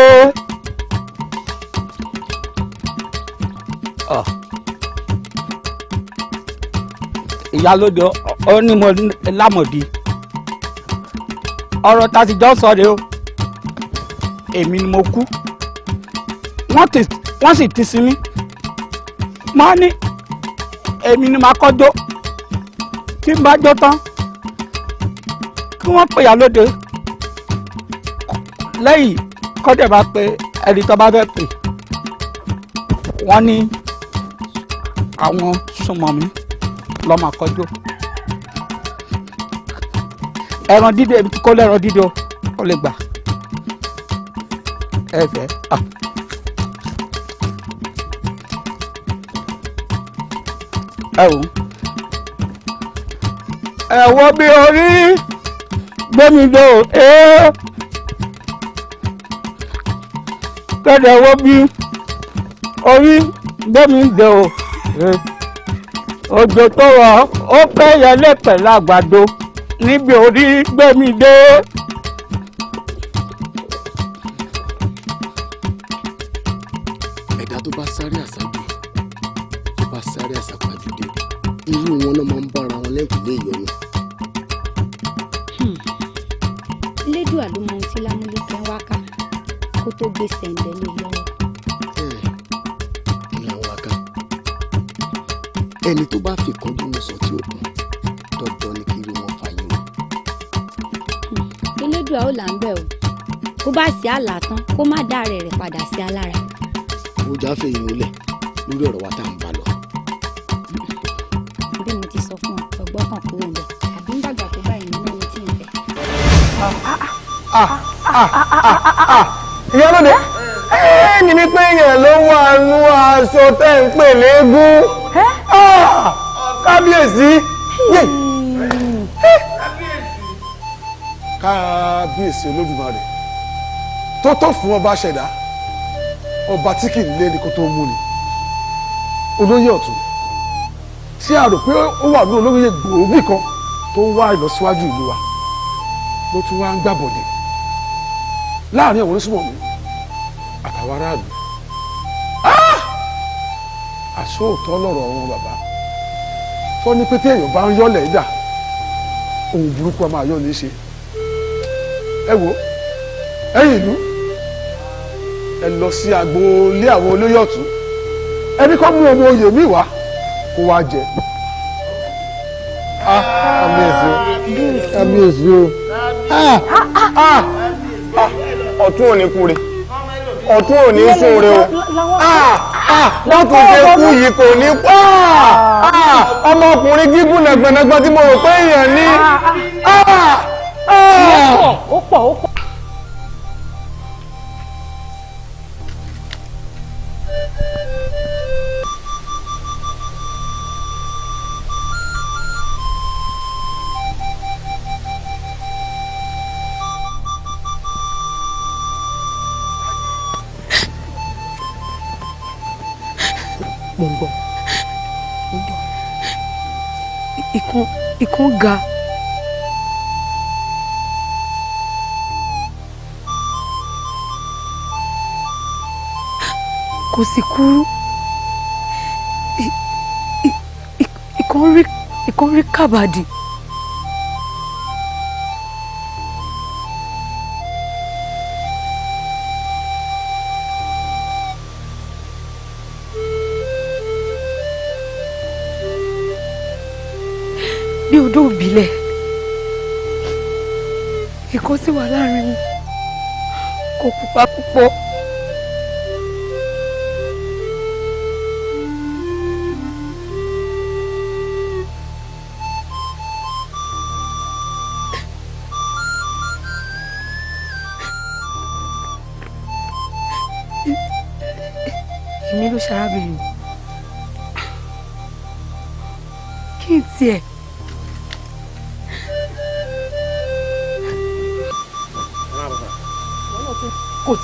A: ìyálóde ó ní mo lámòdì ọ̀rọ̀ tá ti jọ sọ rèé o èmi ni mo kú wọ́n sì ti sinmi
B: mọ́ ní èmi ni màá kọ́ jó tí n bá jó tán kí wọ́n pè yà lóde lẹ́yìn
A: kọ́dẹ̀ bá pe ẹni tó bá fẹ́ pè wọ́n ní àwọn sùnmọ̀mí lọ́mọ àkọ́jọ́ ẹran dídé kó lẹ́ran dídé ó lè gbà ah.
B: ẹ wò ẹ̀wọ́ bí orí gbẹ́mìdò ee kẹ́dẹ̀ ẹ̀wọ́ bí orí gbẹ́mìdò ee òjò tó rọ̀ ó pẹ́ yẹlẹ́pẹ̀ lágbàdo níbi orí gbẹ́mìdò ee.
A: ìpínlẹ̀ ìyọnu.
D: Hmm. lédùá ló mọ ohun tí lámúlékè ń wá ká kó tó gbé sẹ̀ǹdẹ̀ lé e
C: lọ́wọ́. Hmm.
A: ẹni tó bá fi kan bí mo sọ tí ó kàn dandan ni kí ló wọn fàyè o.
D: Hmm. elédùá ò là ń bẹ̀ o kó bá sí àlá tán kó má dá rẹ̀ rẹ̀ padà sí alára.
A: mo jáfe ìrùlẹ̀ lórí ọ̀rọ̀ wa tá a
C: Ah ah ah ah ah ah!
B: pé èèyàn ló wà nú aṣọ tẹ́ ń pè léegun ah, kábíyèsí
A: kábíyèsí olódùmarè Ah! tó fún ọba ṣẹ̀dá ọba tí kì í lé ni kó tó mú ni olóyè ọ̀tún tí a rò pé ó wà ní olóyè gbòógì kan tó ń wá ìlọsíwájú ìlú wa ló tún wá ń gbàbọ̀dẹ̀ láàrin àwọn onísùmọ̀mí àtàwọn aráàlú ah! àsóòtọ́ lọ̀rọ̀ wọn bàbá tó pété èèyàn bá ń yọ̀lẹ̀ dà òun burúkú a máa yọ̀ ẹ wo ẹ̀yin ìlú ẹ lọ sí agboolé àwọn olóyè ọ̀tún ẹni kọ́ mú ọmọ oyè mi wá kó wá jẹ ah, àmì èsì o àmì èsì o.
C: Ah,
A: ọ̀tún òní ní
B: ọ̀tún ò ní
C: Ah! o wọ́n ṣe kú yìí kò ní kú ah,
B: ah, ọmọkùnrin gígùn nàgbẹ̀nàgbẹ̀ tí mo rò pé ní. ó
D: kan ga. kò sì kúrú ìkan rí kàbàdì. bí odó òbílẹ̀
B: ìkọ́sí wà láàrin kò pupa púpọ̀.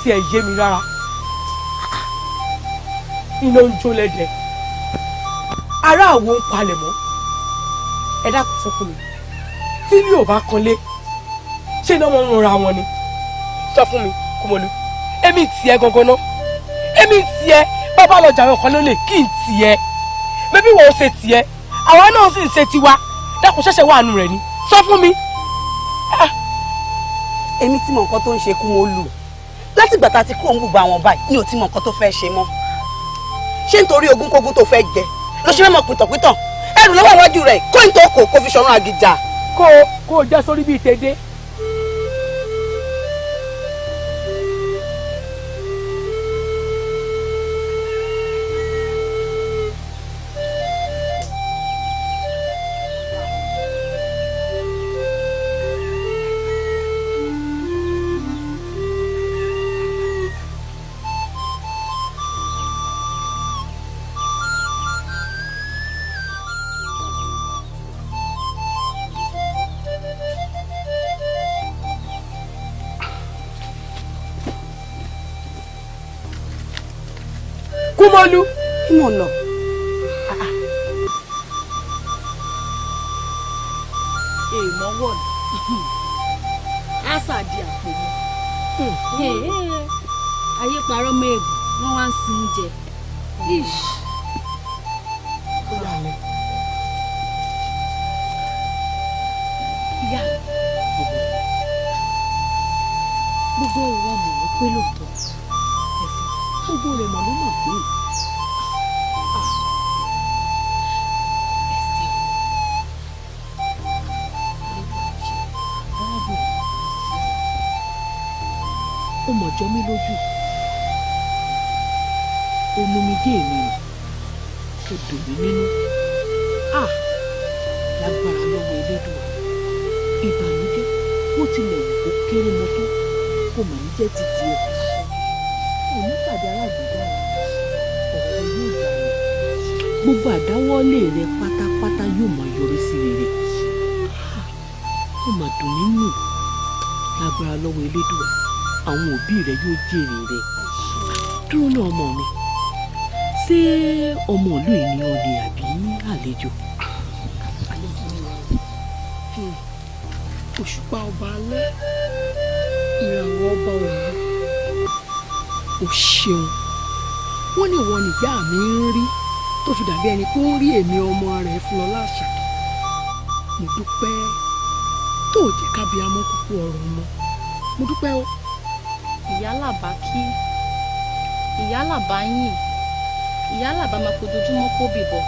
D: tiẹ̀ yé mi rárá iná ń jó lẹ́dẹ̀ ará àwo ń palẹ̀ mọ́ ẹ dákun fúnfún mi tí mi ò bá kanlé ṣé iná wọn ń rora wọn ni sọ fún mi Kúmọlú èmi tiẹ̀ gangan náà èmi tiẹ̀ bàbá lọ́jà rẹ̀ ló lè kí n tiẹ̀ bébí wọn ò ṣe tiẹ̀ àwa náà sì ń ṣe tiwa dákun ṣẹ̀ṣẹ̀ wà nù rẹ̀ ni sọ fún mi. Ah! èmi tí mọ nǹkan tó ń ṣe Kúmọlú láti ìgbà tá a ti kúrò ń gbùgbà àwọn báyìí ni ò ti mọ nǹkan tó fẹ́ ṣe mọ́ ṣé nítorí ogún kógún tó fẹ́ jẹ ló ṣe mọ̀ pìtànpìtàn ẹrù lọ́wọ́ iwájú rẹ̀ kó ní tó kò kó fi ṣọ̀run àgìjà. kó o
A: kó o já sórí bíi tèdè
D: mọ̀nà dúpẹ́ tó ò jẹ́ kábí amọ́ ọ̀rọ̀ mọ́ mo dúpẹ́ o. ìyálàbá kí ìyálàbá yìn ìyálàbá máa kojoojúmọ́ kó bìbọ̀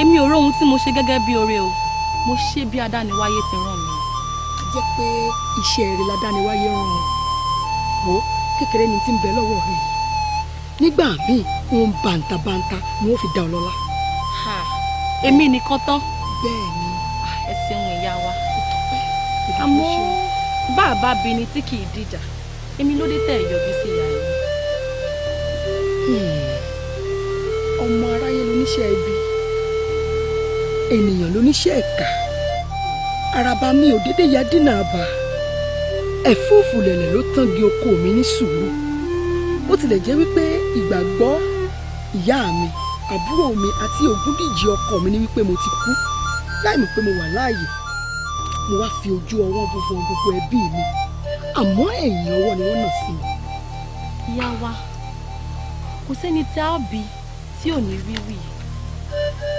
D: èmi ò róhun tí mo ṣe gẹ́gẹ́ bí oore o mo ṣe bí adániwáyé ti ràn mí. a jẹ́ pé iṣẹ́ rere ládániwáyé ràn mí wò ó kékeré ni ti ń bẹ lọ́wọ́ rẹ̀ nígbà míì wọn bàǹtàbàǹtà ni wọn fi dá ọ lọ́lá. èmi nìkan tán. bẹ́ẹ̀ ni ìyá wa àmọ́ bàbá bi ni tí kì í dìjà èmi ló dé tẹ̀ yọjú sí
C: ìyá yìí. Hmm.
D: ọmọ aráyé lóníṣẹ́ ibi ènìyàn lóníṣẹ́ ẹ̀ka araba mi ò dédé ya dínà bá ẹ̀fúùfù lẹ̀lẹ̀ ló tangi oko mi ní sùúrù bó tilẹ̀ jẹ́ wípé ìgbàgbọ́ ìyá mi àbúrò mi àti ògúndíjì ọkọ mi ni wípé mo ti kú láì pé mo wà láàyè mo wá fi ojú ọwọ́ gbogbo gbogbo ẹbí mi àmọ́ ẹ̀yìn ọwọ́ ni wọ́n nà sí mi. ìyá wa kò sẹ́ni tí a bí tí ò ní wíwì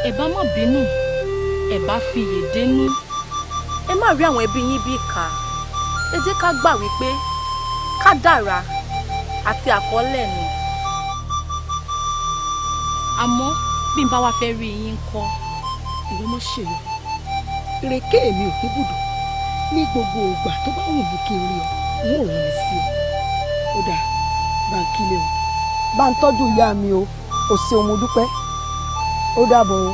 D: ẹ bá má bínú ẹ bá fi iyè dénú ẹ má rí àwọn ẹbí yín bí ìkà ẹ jẹ́ ká gbà wípé kádàrá àti àkọọ́lẹ̀ ni àmọ́ bí n bá wá fẹ́ rí yín kọ́ ìwé mọ́ ṣèlú ìrèké mi ò bùdó ní gbogbo ìgbà tó bá wù mí kí n rí ọ n ó rán mi sí ọ ó dáa bá ń kílé o bá ń tọ́jú ìyá mi o ò ṣeun mo dúpẹ́ ó dàbọ̀ o.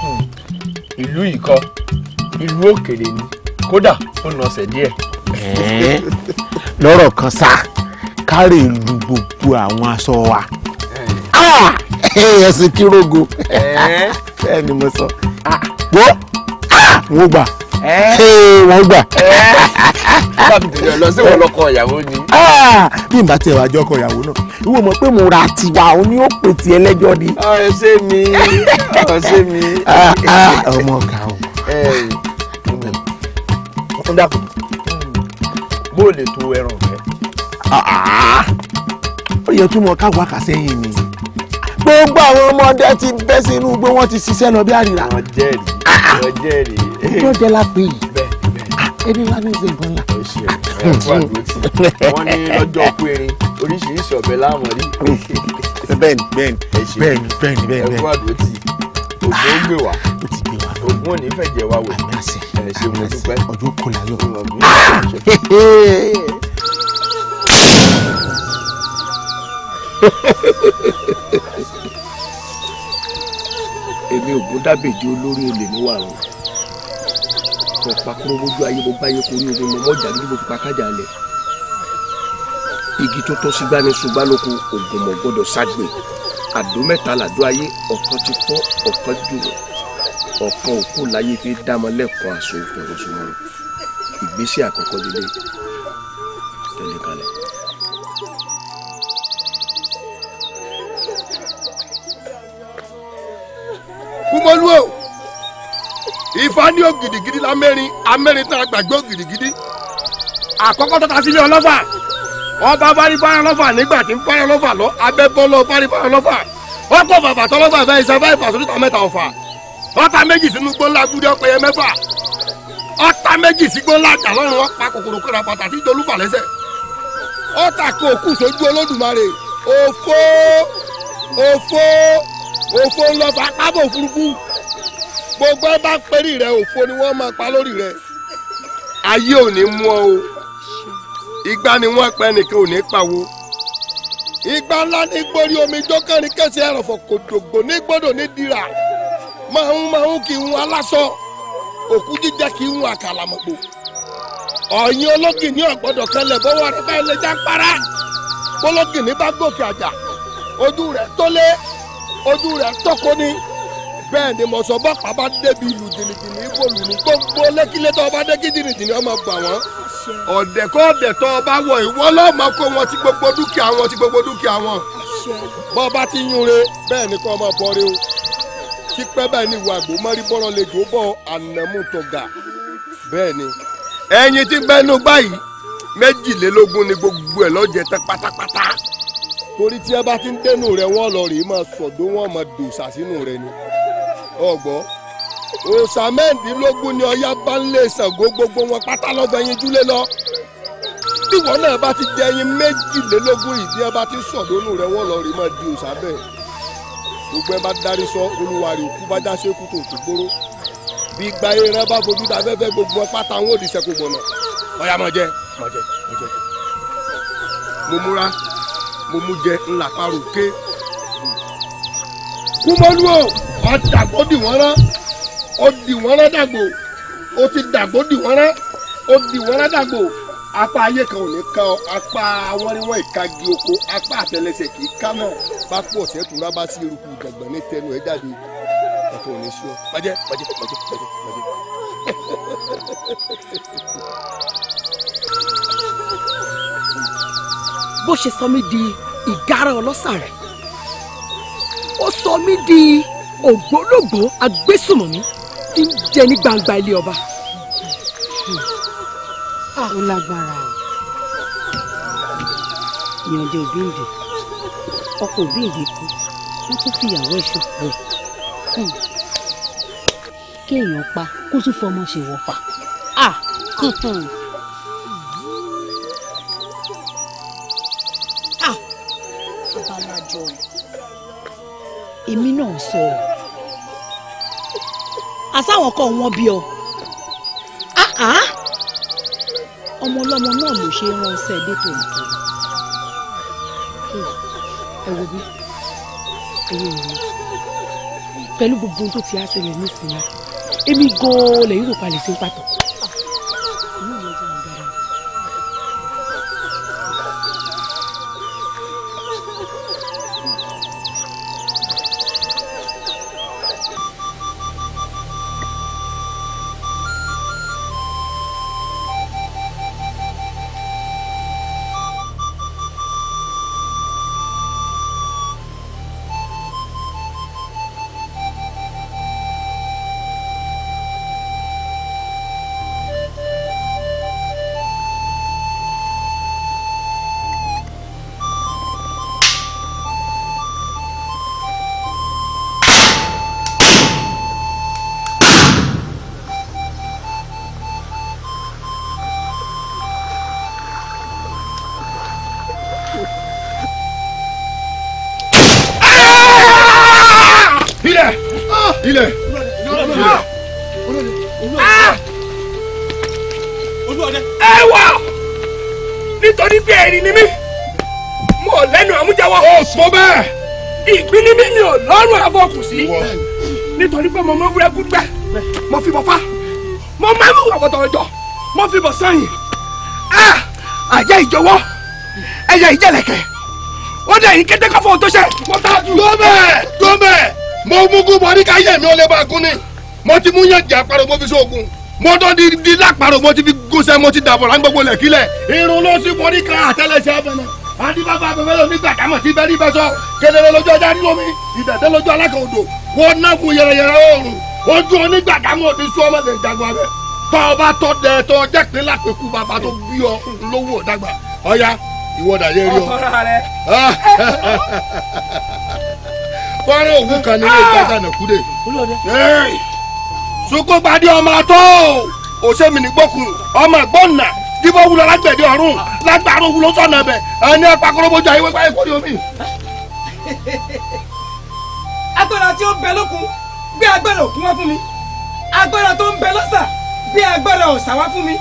C: Hmm,
A: ìlú ìkọ ìlú òkèlè ni kódà ó nà ọ̀sẹ̀ díẹ̀. lọ́rọ̀ kan sá kárè lu gbogbo àwọn aṣọ wa ah! ẹ̀sìn kírógo bẹ́ẹ̀ ni mo sọ wo wọn gbà wọn gbà. lọ sí wọn lọkọ ìyàwó ni. bí n bá tiẹ̀ wá jọ́kọ̀ ìyàwó náà ìwọ mọ̀ pé mo ra tiwa òun ni ó pè tí ẹlẹ́jọ́ ni. ọ̀rẹ́ ṣé mi ọ̀rẹ́ ṣé mi. ọmọ ọ̀gá o. ó dàpọ̀ bó o lè to ẹran rẹ. ó yẹ kí wọn ká wákà sẹ́yìn ni gbogbo àwọn ọmọdé ti bẹ́ sínú igbó wọ́n ti ṣiṣẹ́ lọ bí àrìrà. wọ́n jẹ́rìí ah, wọ́n jẹ́rìí. wọ́n jẹ́ lápè yìí ah, ebi wa ní ìsègùn ńlá.
C: wọ́n ní lọ́jọ́ òkú
A: oríṣiríṣi ọ̀bẹ láwọn rí. <laughs> bẹ́ẹ̀ni bẹ́ẹ̀ni bẹ́ẹ̀ni bẹ́ẹ̀ni bẹ́ẹ̀ni. ẹ̀kú àdótì ògùn ó gbé wá ah, ògùn ò ní fẹ̀jẹ̀ wá wò. àmì àṣẹ àmì àṣẹ ọjọ́ kò láyọ̀. èmi ògùn dábèjì olórí olè ní wàrùn mo pa kúrò bójú ayé mo báyé korí omi mo mọ ìdàgbé mo fi pa kájà lẹ igi tó tọ́ sígbá ní ṣùgbọ́n lóko ògùn mọ̀ gbọ́dọ̀ ságbe àdó mẹ́ta làdó ayé ọ̀kan ti fọ́ ọ̀kan jùlọ ọ̀kan òkú láyé fi dámọ́ lẹ́kọ̀ọ́ àṣọ ìfọ̀rọ̀sọ̀rọ̀ ìgbésẹ̀ àkọ́kọ́ lílé Ògúnmọ́lú o Ifá ní ògìdìgìdì lámẹ́rin amẹ́rin tán àgbàgbé ògìdìgìdì àkọ́kọ́ tọ́ta sílé ọlọ́fà wọ́n bá bá rí báyọ̀ lọ́fà nígbà tí ń báyọ̀ lọ́fà lọ abẹ́ bọ́ lọ bá rí báyọ̀ lọ́fà wọ́n pọ̀ bàbà tọ́lọ́gbà fẹ́ iṣẹ́ fẹ́ ìfàsórí mẹ́ta ọ̀fà ọ̀tá méjì sínú gbọ́nlá gúdí ọ̀pẹ̀yẹ mẹ́fà ọ̀tá méjì sí gbọ́nlá àjà lọ́rùn wọn pa kòkòrò kóra pàtàkì ìjọlúfà lẹ́sẹ̀ ọ̀tá kò kù sójú Olódùmarè òfó òfó òfo ń lọ fà pábò òfurufú gbogbo ẹ bá pẹ́rì rẹ òfo ni wọ́n máa pa lórí rẹ ayé ò ní mú ọ o igba ni wọ́n pẹ́ nìkan ò ní pawó igba ńlá ní gbórí omi jókèrìn kẹsì ẹrọ̀fọ̀ kòtògbò ní gbọ́dọ̀ ní dira máa ń máa ń kí ń aláṣọ òkú jíjẹ kí ń àkàlàmọ̀gbò ọ̀yin ológìní ọ̀gbọ́dọ̀ kẹlẹ̀ bọ́wọ́ rẹ báyìí lè já para bọ́lọ́gìní bá gòkè àjà ojú rẹ̀ tó lé ojú rẹ̀ tọ́kọ ní bẹ́ẹ̀ ni mọ̀sọ́ bọ́pàá bá débi ìlú jìnnìjìnnì ìbò lù ní gbogbo lẹ́kílẹ́ tó bá dé kí jìnnìjìnnì ọmọ gbà wọ́n ọ̀dẹ̀ kọ́ ọ̀dẹ̀ tó bá wọ̀ ìwọ́ lọ́mọ kó wọn ti gbogbo dúkìá wọn ti gbogbo dúkìá wọn bọ́ bá ti yún re bẹ́ẹ̀ ni kọ́ ọmọ bọ́ re o kípẹ́ bẹ́ẹ̀ ni ìwà àgbò bọ́rọ̀ lè dò bọ́ ànàmútọ̀gà torí tí ẹ bá ti ń dẹnu rẹ wọ́n lọ rèé máa sọ̀dọ̀ wọ́n máa dòṣà sínú rẹ ni ọgbọ́ òòṣà mẹ́ẹ̀ẹ́dínlógún ni ọya bá ń lè Ṣàngó gbogbo wọn pátá lọ́gbọ̀ ẹyin júlé lọ tíwọ́ náà bá ti jẹ ẹyin méjìlélógún yìí bí ẹ bá ti sọ̀dọ̀ nù rẹ wọ́n lọ rèé máa di òòṣà bẹ́ẹ̀ gbogbo ẹ bá darí sọ olùwàrí òkú bá já sékú tó tó gbóró bí gba eré bá fojú da fẹ́fẹ́ gbogbo wọn pátá wọn ò di sẹ́kù gbọ̀nà ọ̀yà mọ̀jẹ
C: mọ̀jẹ mọ̀jẹ
A: mo múra mo mú jẹ ńlá parò ké kúmọ́lú o ọ̀dàgbò dì wọ́n rán ó dì wọ́n rán dàgbò ó ti dàgbò dì wọ́n rán ó dì wọ́n rán dàgbò apá ayé kan ò ní ká ọ apá wọn ni wọn ìka gi oko apá àtẹlẹsẹ̀ kì í ká náà bá pọ̀ ọ̀sẹ̀ tó rábà sí eruku ìdàgbà ní tẹnu ẹ̀ jáde ẹ̀kọ́ ò ní sọ bàjẹ́ bàjẹ́
C: bàjẹ́ bàjẹ́ bàjẹ́. <laughs>
D: bó ṣe sọ mí di ìgárá ọlọ́sà rẹ̀ ó sọ mí di ògbólógbòó agbésùmọ̀mí tí ń jẹ ní gbangba ilé ọba. Ah. ó lágbára o ìyànjẹ òbí ìdè ọkọ òbí ìdè kú wọn tún fìyàwó ẹ̀ ṣòfò ẹ̀ hmm. kéèyàn pa kó tún fọmọ ṣèwọ̀fà. <laughs> èmi náà sọ ọ àsáwọn kọ wọn bí ọ ọmọ ọlọmọ náà ló ṣe ránṣẹ́ dé tòǹtò ẹ wo bí ẹyẹ ìlú pẹ̀lú gbogbo ohun tó ti á ṣẹlẹ̀ nísìnyí èmi gan-an lẹ́yìn rò sí pàtó.
C: Ah!
B: olúọdẹ. ẹ wà nítorí pé ẹ̀rí ni mí mo lẹ́nu àmújáwọ́. ó sọ bẹ́ẹ̀.
A: ìpín ní mi mi ò lọ́rùn àfọkù sí nítorí pé mo mọ wúrẹ́ gúdúgbà mo fi bọ̀ fá mo máa mú ọ̀pọ̀tọ̀ ọjọ́ mo fi bọ̀ sẹ́yìn ah! àjẹ́ ìjọwọ́ ẹ̀yẹ ìjẹ̀lẹ̀kẹ̀ ó dẹ̀ yín kété kọ́fọ́ tó ṣe. mo ta jù. tó bẹ́ẹ̀ tó bẹ́ẹ̀ mo mú kú bọ̀ ní ká yẹ̀ mi ó lè bá a gún ni mo ti mú yànjẹ àparò mo fi sóògùn mo tó di di lápárò mo ti fi gúnṣẹ mo ti dàbọ̀ lágbègbè lẹ́kílẹ̀ irun ló sì forí kan àtẹlẹsẹ abẹnẹ adibaba abẹfẹlẹ onígbàdámọ̀ ti bẹ́ẹ̀ rí bẹ́ẹ̀ sọ kedere lójú ọjà rí omi ìdẹ̀tẹ̀ lójú alákan odò wọn náà kun yẹrẹyẹrẹ oòrùn ojú onígbàdámọ̀ òdi sọ ọmọ lè jagun abẹ tọ́ ọba tọ́ dẹ tọ́ jẹ́ pé lápẹ̀kú bàbá tó bí ọ lówó ọ̀dàgbà ọ̀ya ìwọ dàyé rí ọ. fọ́nrán òwú kan nílé ìgbàdànà kúdè. Sokogbadé ọmọ àtọ́ òṣèmí ní gbókùn ọmọ ìgbọ́nà dìbò wúlọ lágbẹ̀dẹ ọ̀run lágbàrú wúlọ sọ̀nà ẹ̀bẹ̀ ẹni ẹ̀pà kọ́lọ́bọ̀jọ ayé wípé ayé kórè omi. agbára tí ó bẹ lókun gbé agbára òkun wá fún mi agbára tó ń bẹ lọ́sà gbé agbára ọ̀sà wá fún mi.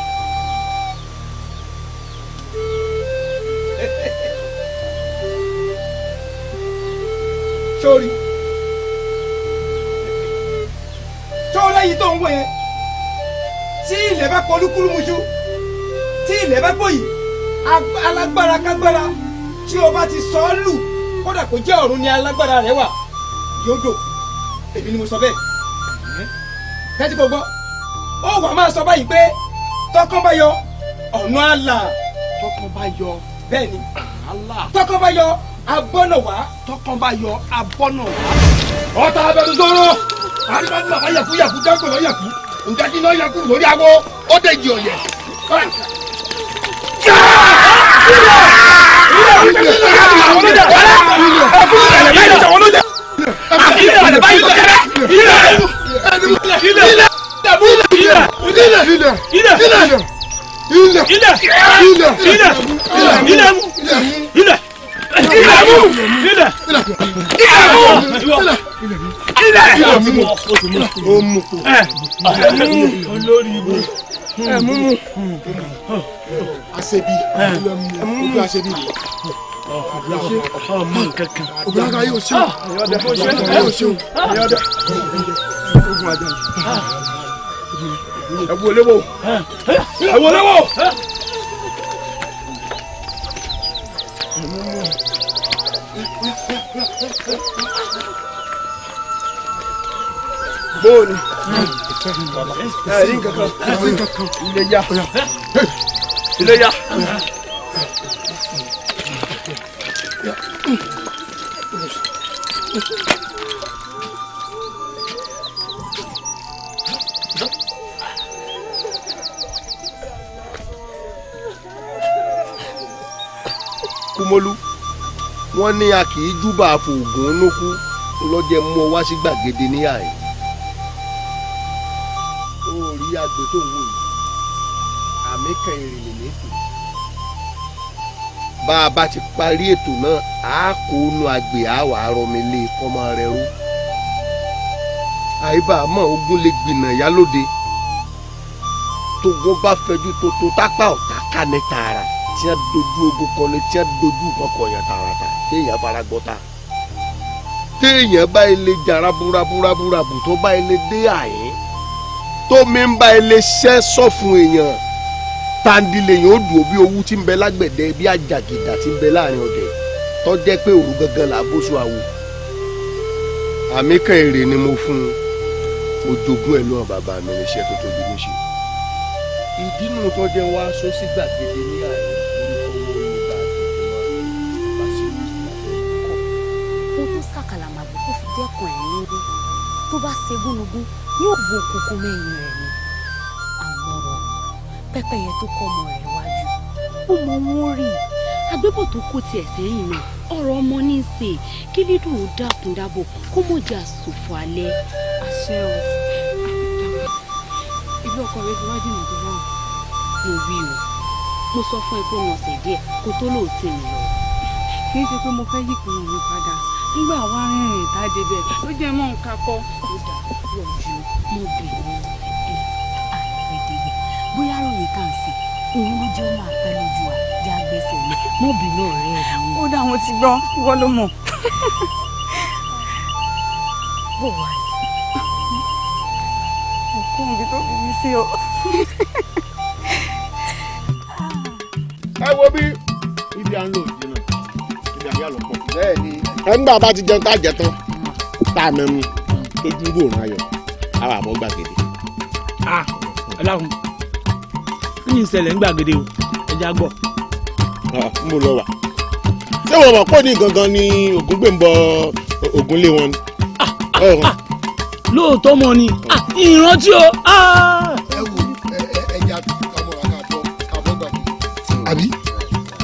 A: <laughs> sórí. tó lẹ́yìn tó ń wò yẹn tí ilẹ̀ bá pọ̀ lúkúlùmùṣú tí ilẹ̀ bá pọ̀ yìí alágbára kágbára tí o bá ti sọ ọ́ lù kódà kó jẹ́ ọ̀run ni alágbára rẹ̀ wà yóò dò èmi ni mo sọ bẹ́ẹ̀ tẹ́tí kò gbọ́ ó wà máa sọ báyìí pé tọkàn bá yọ ọ̀nà àlà tọkàn bá yọ bẹ́ẹ̀ ni tọkàn bá yọ abọ́nà wá tọkàn bá yọ abọ́nà wá
B: ọ̀tá abẹ́rù sọ̀rọ̀ alimami baba yaku yaku
A: janko lọ yaku nkadi lọ yaku lórí awo ó de jì ọyẹ.
B: ilẹ̀
C: ilẹ̀ ilẹ̀
B: ilẹ̀. o mu o
C: mu olórí ibu
A: ẹ mú mu asebi ẹ mú mu asebi ọmọ kankan
C: obìnrin kan yóò ṣeun ah! yóò ṣeun ah! ogun
A: ajá yìí ah! ẹ wo léwo ẹ wo léwo.
C: Yeah, yeah, yeah, yeah bóòni ẹ̀rí nǹkan kan ilé yá ilé yá.
A: kúmólú wọn ní a kì í júbà fòògùn olókú lọ́jẹ́ mú ọ wá sí gbàgede níyà yìí orí agbe tó ń wò yìí àmì kan ìrìnlẹ̀ lẹ́tò bá a bá ti parí ètò náà a kò nu agbe a wà rọmi lé e, kọ́mọ rẹ rú àyíbá àmọ́ ogun lè gbìnà yálóde tógun bá fẹjú tótó tápá ọ̀tá ká ní tààrà tí a dojú ogun kan ní tí a dojú kan kọ̀ọ̀yàn tààràtà téèyàn fara gbọ́ta téèyàn bá ilé jà raburaburaburabu tó bá ilé dé àyín tó mi ń bá iléeṣẹ́ sọ fún èèyàn tandile yìí ó dùn bí owú tí ń bẹ lágbẹ̀dẹ bí àjàgìdà tí ń bẹ láàrin ọ̀dẹ tó jẹ́ pé òru gangan là bóṣù àwò àmì kan èrè ni mo fún un mo jogún ẹ̀ lọ́wọ́ bàbá mi níṣẹ́ tó tóbi níṣẹ́ ìdínú tó jẹ́ wá sọ sí gbàgede ní àárín.
D: tó bá ṣe yóò bu òkùnkùn mẹ́yìn rẹ̀ ni àmọ́rọ̀ pẹ́pẹ́yẹ tó kọ́ ọmọ
B: rẹ̀ wájú ó mọ wọn rí
D: agbébọ̀ tó kó tiẹ̀ sẹ́yìn náà ọ̀rọ̀ ọmọ ní í ṣe kí lídùn ó dákun dábọ̀ kó mọ̀ jẹ́ àsòfò alẹ́ àṣẹ o ibi ọkọ rẹ ti wá jìnnà tó bá mo wí o mo sọ fún ẹ pé mo ọ̀sẹ̀ díẹ̀ kó tó lóò tì mí lọ. kì í ṣe pé mo fẹ́ yíkùn mi padà nígbà wá rìnrìn tá a débẹ̀ ló jẹ́ mọ́ nǹkan kọ́. ó dà wọ́n ju mo bẹ̀rù àgbẹ̀dẹ̀gbẹ̀ bóyá ròyìn kan sí òun ló jẹ́ ó máa pẹ́ lójú wa já gbẹ́sẹ̀ lé mo bínú ọ̀rẹ́ rẹ. ó dá àwọn ti gbọ́ ìwọ ló mọ̀.
C: bó wà ní. mo kún ibi tó fi mí sí o.
A: ẹ wo bí ibi à ń lò ìdí náà ibi àyà lọ pọ̀. bẹ́ẹ̀ ni. ẹ ń gbà bá ti jẹun tá a jẹ tán tá a mẹ́mu ojú ìlú òun ayọ̀ àwa ah, àbọ̀ gbàgede. ọlọ́run ah, kí ni ìṣẹ̀lẹ̀ ń gbàgede o ẹja gbọ́. n ah, mo lọ wà ṣé wọn mọ̀ pọ̀ ní gangan ni ògùn gbé ń bọ ògùn lé wọn. lóòótọ́ mọ ni ìrántí o.
B: ẹ wo ẹja kàmọ́
A: àkàbọ̀ àbọ̀ gbàgede. àbí.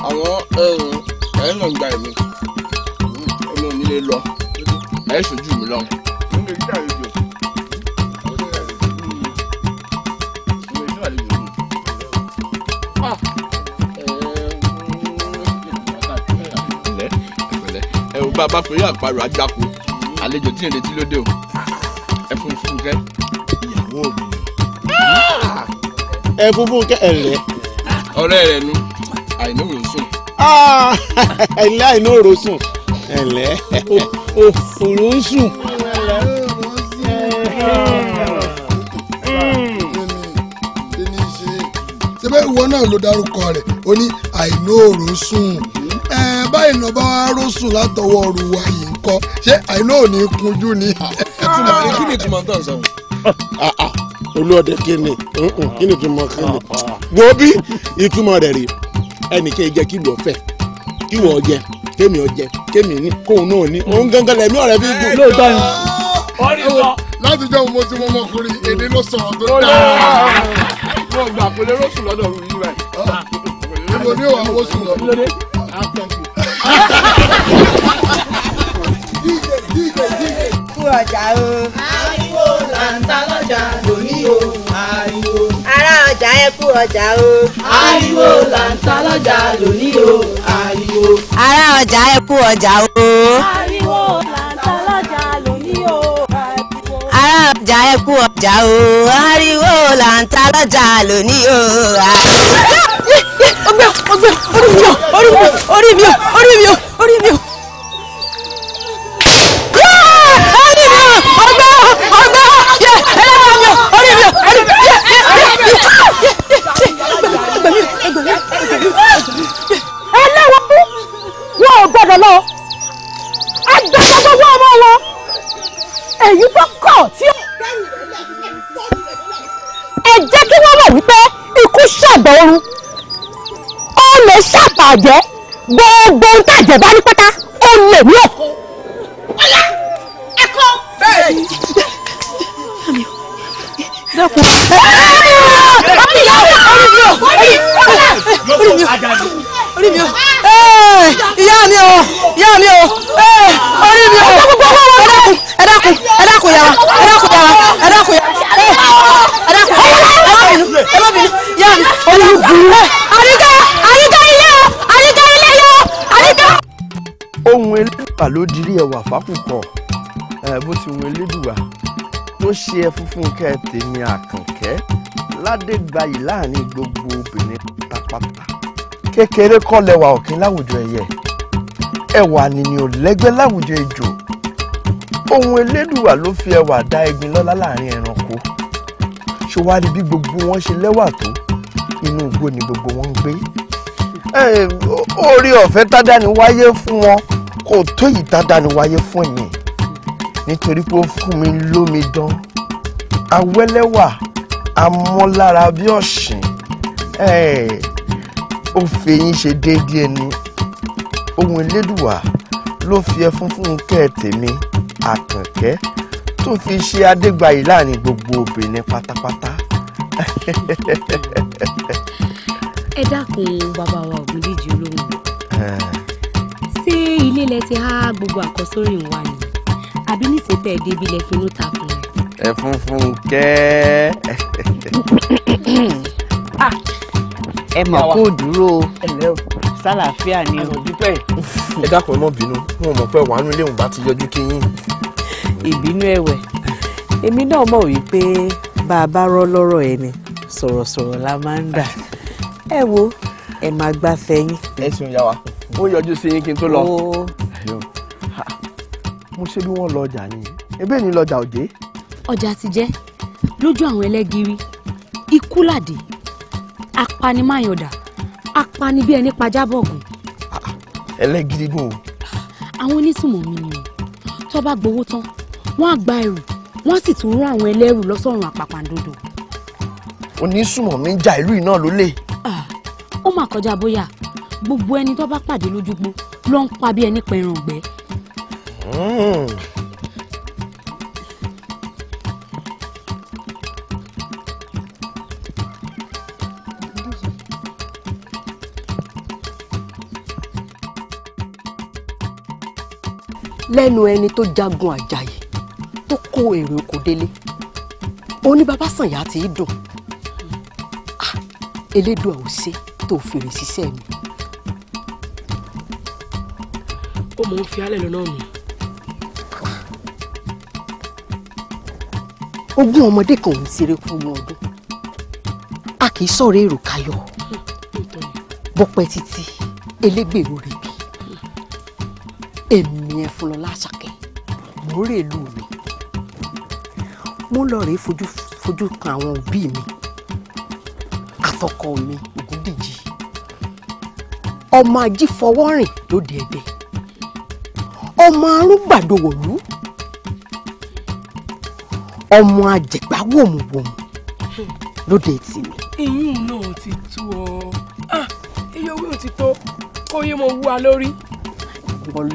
A: àwọn ẹ̀yìn náà gba ẹ̀mí ẹ̀mí ò ní lè lọ ẹ̀ ṣojú mi lọ. bàbá pé àparò ajáko àlejò tí ìrètí ló dé o ẹ fún fúnkẹ́. ìyàwó mi.
C: Ah!
A: ẹ fún fúnkẹ́ ẹ lẹ. ọ̀rẹ́ rẹ̀ nu àìní òrò sùn. ilé ah! àìní òrò sùn ẹ lẹ òrò ń sùn. ṣé bẹ́ẹ̀ ìwọ náà ló dárúkọ rẹ̀ ó ní àìní òrò sùn báyìí nà bá wá rọ́sùn látọwọ́ ruwa yìí ń kọ́ ṣé àìná ò ní kunjú ni. kí ni ìtumọ̀ tán sọ. Ah, ah, olóòdè kí ni kí ni ìtumọ̀ kí ni ah, wo bí ìtumọ̀ rẹ̀ rí ẹnìkan jẹ́ kí wọ́n fẹ́ kí wọ́n jẹ kémi ọjẹ kémi ní kóun náà ní òun gángan lẹ́mí ọ̀rẹ́ bí gùn. lóòótọ́ ni wọ́n ní sọ. láti jẹ́ òun tí mo mọkùnrin èdè ló sọ̀rọ̀ tó dáa. mo gbà pé lérò sùn lọ́dọ̀ òun yìí rẹ̀. ibo ni òun àwọn sùn lọ
B: kú ọjà o. ariwo
C: o ariwo.
D: ará ọjà ẹ lọ́jà lóní o ariwo. ará ọjà ẹ ọjà o. ariwo làǹtà lọ́jà lóní o ariwo.
B: ará ọjà ẹ ọjà o.
D: ariwo làǹtà lọ́jà lóní o ọgbẹ́ ẹ
B: jẹ́ kí wọ́n mọ̀ wípé ikú ṣàgbọ̀ ọrùn ẹ ṣàbàjẹ́ gbogbo ohun tàjẹ́ bá ní pátá ó lè ní òkú. ọlá ẹkọ. bẹ́ẹ̀ ni. dákun. orí mi ò orí mi ò orí mi ò orí mi ò ìyá mi ò ìyá mi ò orí mi ò ẹ dákun ẹ dákun yàrá ẹ dákun yàrá ẹ dákun yàrá ẹ dákun ẹ má bínú ẹ má bínú ìyá mi.
A: ẹ̀fà ló dirí ẹ̀wà fákùkọ̀ bó ti wọn elédùwà tó ṣe ẹ funfun kẹ tèmi àkànkẹ́ ládégbàyí láàrin gbogbo obìnrin pátápátá kékeré kọ́ lẹwà ọ̀kín láwùjọ ẹ̀yẹ ẹwà nìyẹn ò lẹ́gbẹ́ láwùjọ ejò ohun elédùwà ló fi ẹwà dá egbin lọ́lá láàrin ẹranko ṣé bí gbogbo wọn ṣe lẹ́wà tó inú igbó ni gbogbo wọn ń gbé oore ọ̀fẹ́ tádá wáyé fún wọn kò tó ìtàdánù wáyé fún èmi nítorí pé ó fún mi lómi dán awẹ́lẹ́wà amọ́lára bí ọ̀sìn ó fi eyín ṣe déédéé ẹni ohun elédùwà ló fi ẹfun fún kẹ́ tèmi àkànkẹ́ tó fi ṣe adégbàyí láàrin gbogbo obìnrin pátápátá.
D: ẹ dákun bàbá wa ògùn díje olóhùn ilé ilẹ̀ ti há gbogbo àkọsórí wa ni àbí níṣẹ́ tẹ̀ dé ibi ilẹ̀ finú ta fún un.
A: ẹ funfun kẹ́.
D: Ah! ẹ mọ̀ kó dúró sálàáfíà ni o.
A: ẹ dákun ẹ mọ̀ bínú wọn mọ̀ pé wàánú ilé òun bá ti yọjú
D: kí ìbínú ẹ̀wẹ̀ èmi náà mọ̀ wípé bá a bá rọ́ lọ́rọ̀ ẹni sọ̀rọ̀sọ̀rọ̀ la máa ń dà ẹ wo ẹ máa gbáfẹ́ yín. ẹ sùn yá wa mo yọjú sí yín kí n tó lọ.
A: mo ṣe bí wọ́n lọ ọjà ni ebe ni lọjà òde.
D: ọjà ti jẹ́ lójú àwọn ẹlẹ́gìrì ikú làdì apanimáyọ̀dà apani bí ẹni pajábọ̀gùn.
A: ẹlẹ́gìrì dùn o.
D: àwọn onísùnmọ̀ mi ni tó bá gbowó tán wọ́n á gba ẹrù wọ́n sì tún rán àwọn ẹlẹ́rù lọ́sọ̀rùn àpàpàǹdodo.
A: onísùnmọ̀ mi ń ja ìlú yìí náà lólè. Ah.
D: ó mà kọjá bóyá gbogbo ẹni tó bá pàdé lójúgbó ló ń pa bí ẹni pẹran ọ̀gbẹ́. lẹ́nu ẹni tó jagun àjàyè tó kó èrè oko délé òní baba sànyà ti dùn ah, elédùn àwòṣe tó fèrè ṣiṣẹ́ mi. ó mò ń fi alẹ́ lọ́nà mi. ogún ọmọdé kan ò ní ṣeré fún ọmọ ọdún a kì í sọ̀rọ̀ èrò kayọ̀ hm, bọ́pẹ́ títí elégbèrò rẹ̀ bí èmi ẹ̀ fún lọ láṣàkẹ́ mò ń rè lù mí mo lọ rèé fojú fojú kan àwọn òbí mi àtọkọ mi ògúndíjì ọmọ ajífọwọ́rìn lóde ẹ̀dẹ̀ ọmọ arúgbàdo wọ̀lú ọmọ àjẹgbá wòmùwòmù lóde tì mí. ìyún náà ti tó ọ iye ah, owó ti tó kó yé mo wú lórí. wọ́n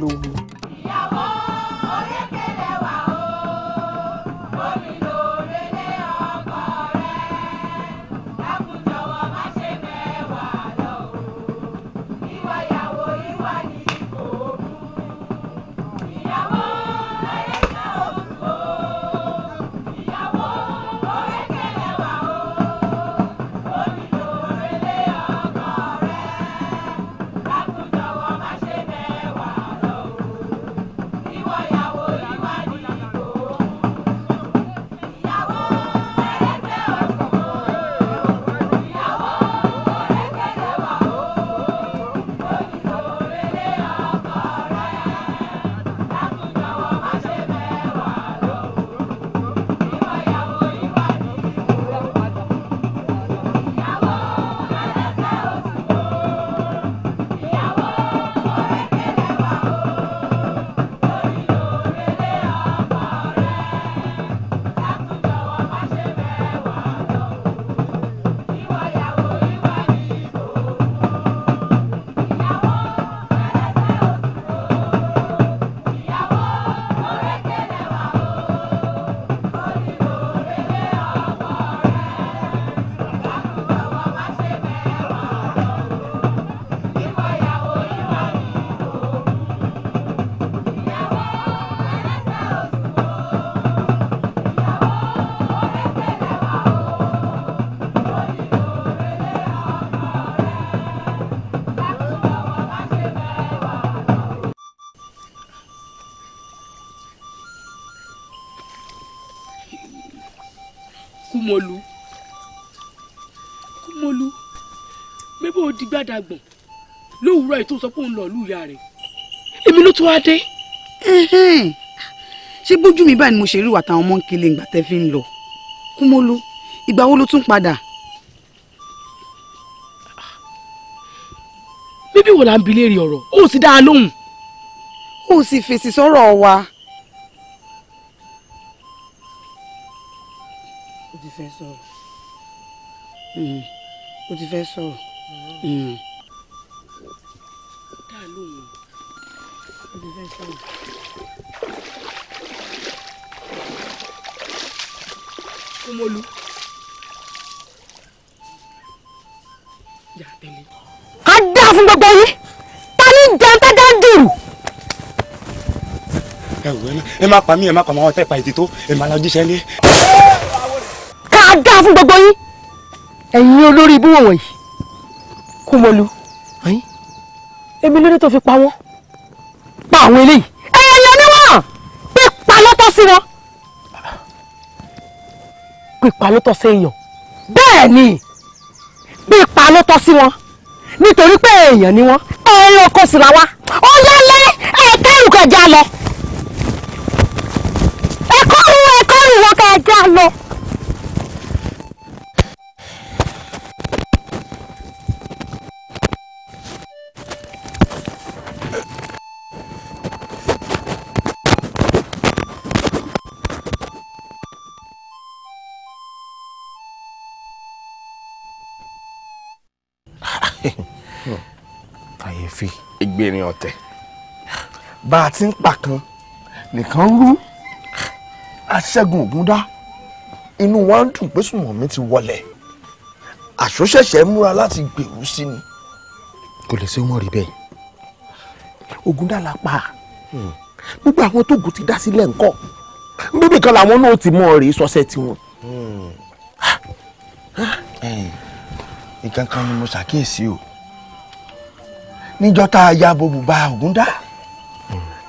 D: gbàdàgbọ̀n lówùúrọ̀ ètò sọ pé
A: òun lọ lù ìyá rẹ̀
D: èmi ló tún wá dé. ṣé gbójú mi báyìí ni mo ṣe rí wàtàwọn ọmọ ń kele ìgbà tẹ́ fi ń lọ kúmọ́lú ìgbà wo ló tún padà. bíbí wo la ń bi léèrè ọ̀rọ̀ ó sì dá lóhùn. ó sì fèsì sọ́rọ̀ wa. ó ti fẹ́ sọ̀rọ̀ hmm. ó ti fẹ́ sọ̀rọ̀. Mm.
B: dáa
A: ẹ má pa mí ẹ má pa àwọn tẹ pa ètò ẹ má lọ jíṣẹ́ ní.
B: ká dá
D: fún gbogbo yín ẹ̀yin olórí ibú wọ̀nyí. Kúmọlú èmi ló ní tó fi pa wọ́n pa àwọn eléyìí ẹ̀yẹ níwọ̀n pé pa lọ́tọ̀ sí wọn pé pa lọ́tọ̀ sí èèyàn bẹ́ẹ̀ ni pa lọ́tọ̀ sí wọn nítorí pé èèyàn
B: ni wọ́n ẹ̀rọ kò síra wa ó yálé ẹ̀ka ìrùkẹ̀já lọ ẹ̀kọ́ ìwọ ẹ̀kọ́ lọ.
A: kàyéfì. ìgbèrin ọ̀tẹ̀. bá a ti ń pàkan nìkan rú aṣẹ́gun ògúndá inú wa ń dùn pé Sùnmọ̀mí ti wọlé àṣọ ṣẹ̀ṣẹ̀ múra láti gbèrú sí ni. kò lè ṣe wọ́n rí bẹ́ẹ̀. Ògúndàlà pa hmm. gbogbo àwọn tóògùn ti dá sílẹ̀ ńkọ́ bíbí kan làwọn náà ti mọ̀ rèé sọ́sẹ́ tiwọn. Hmm. Eh, nǹkan kan ni mo ṣàkíyèsí o níjọ́ tá a ya bòbùbà Ògúndà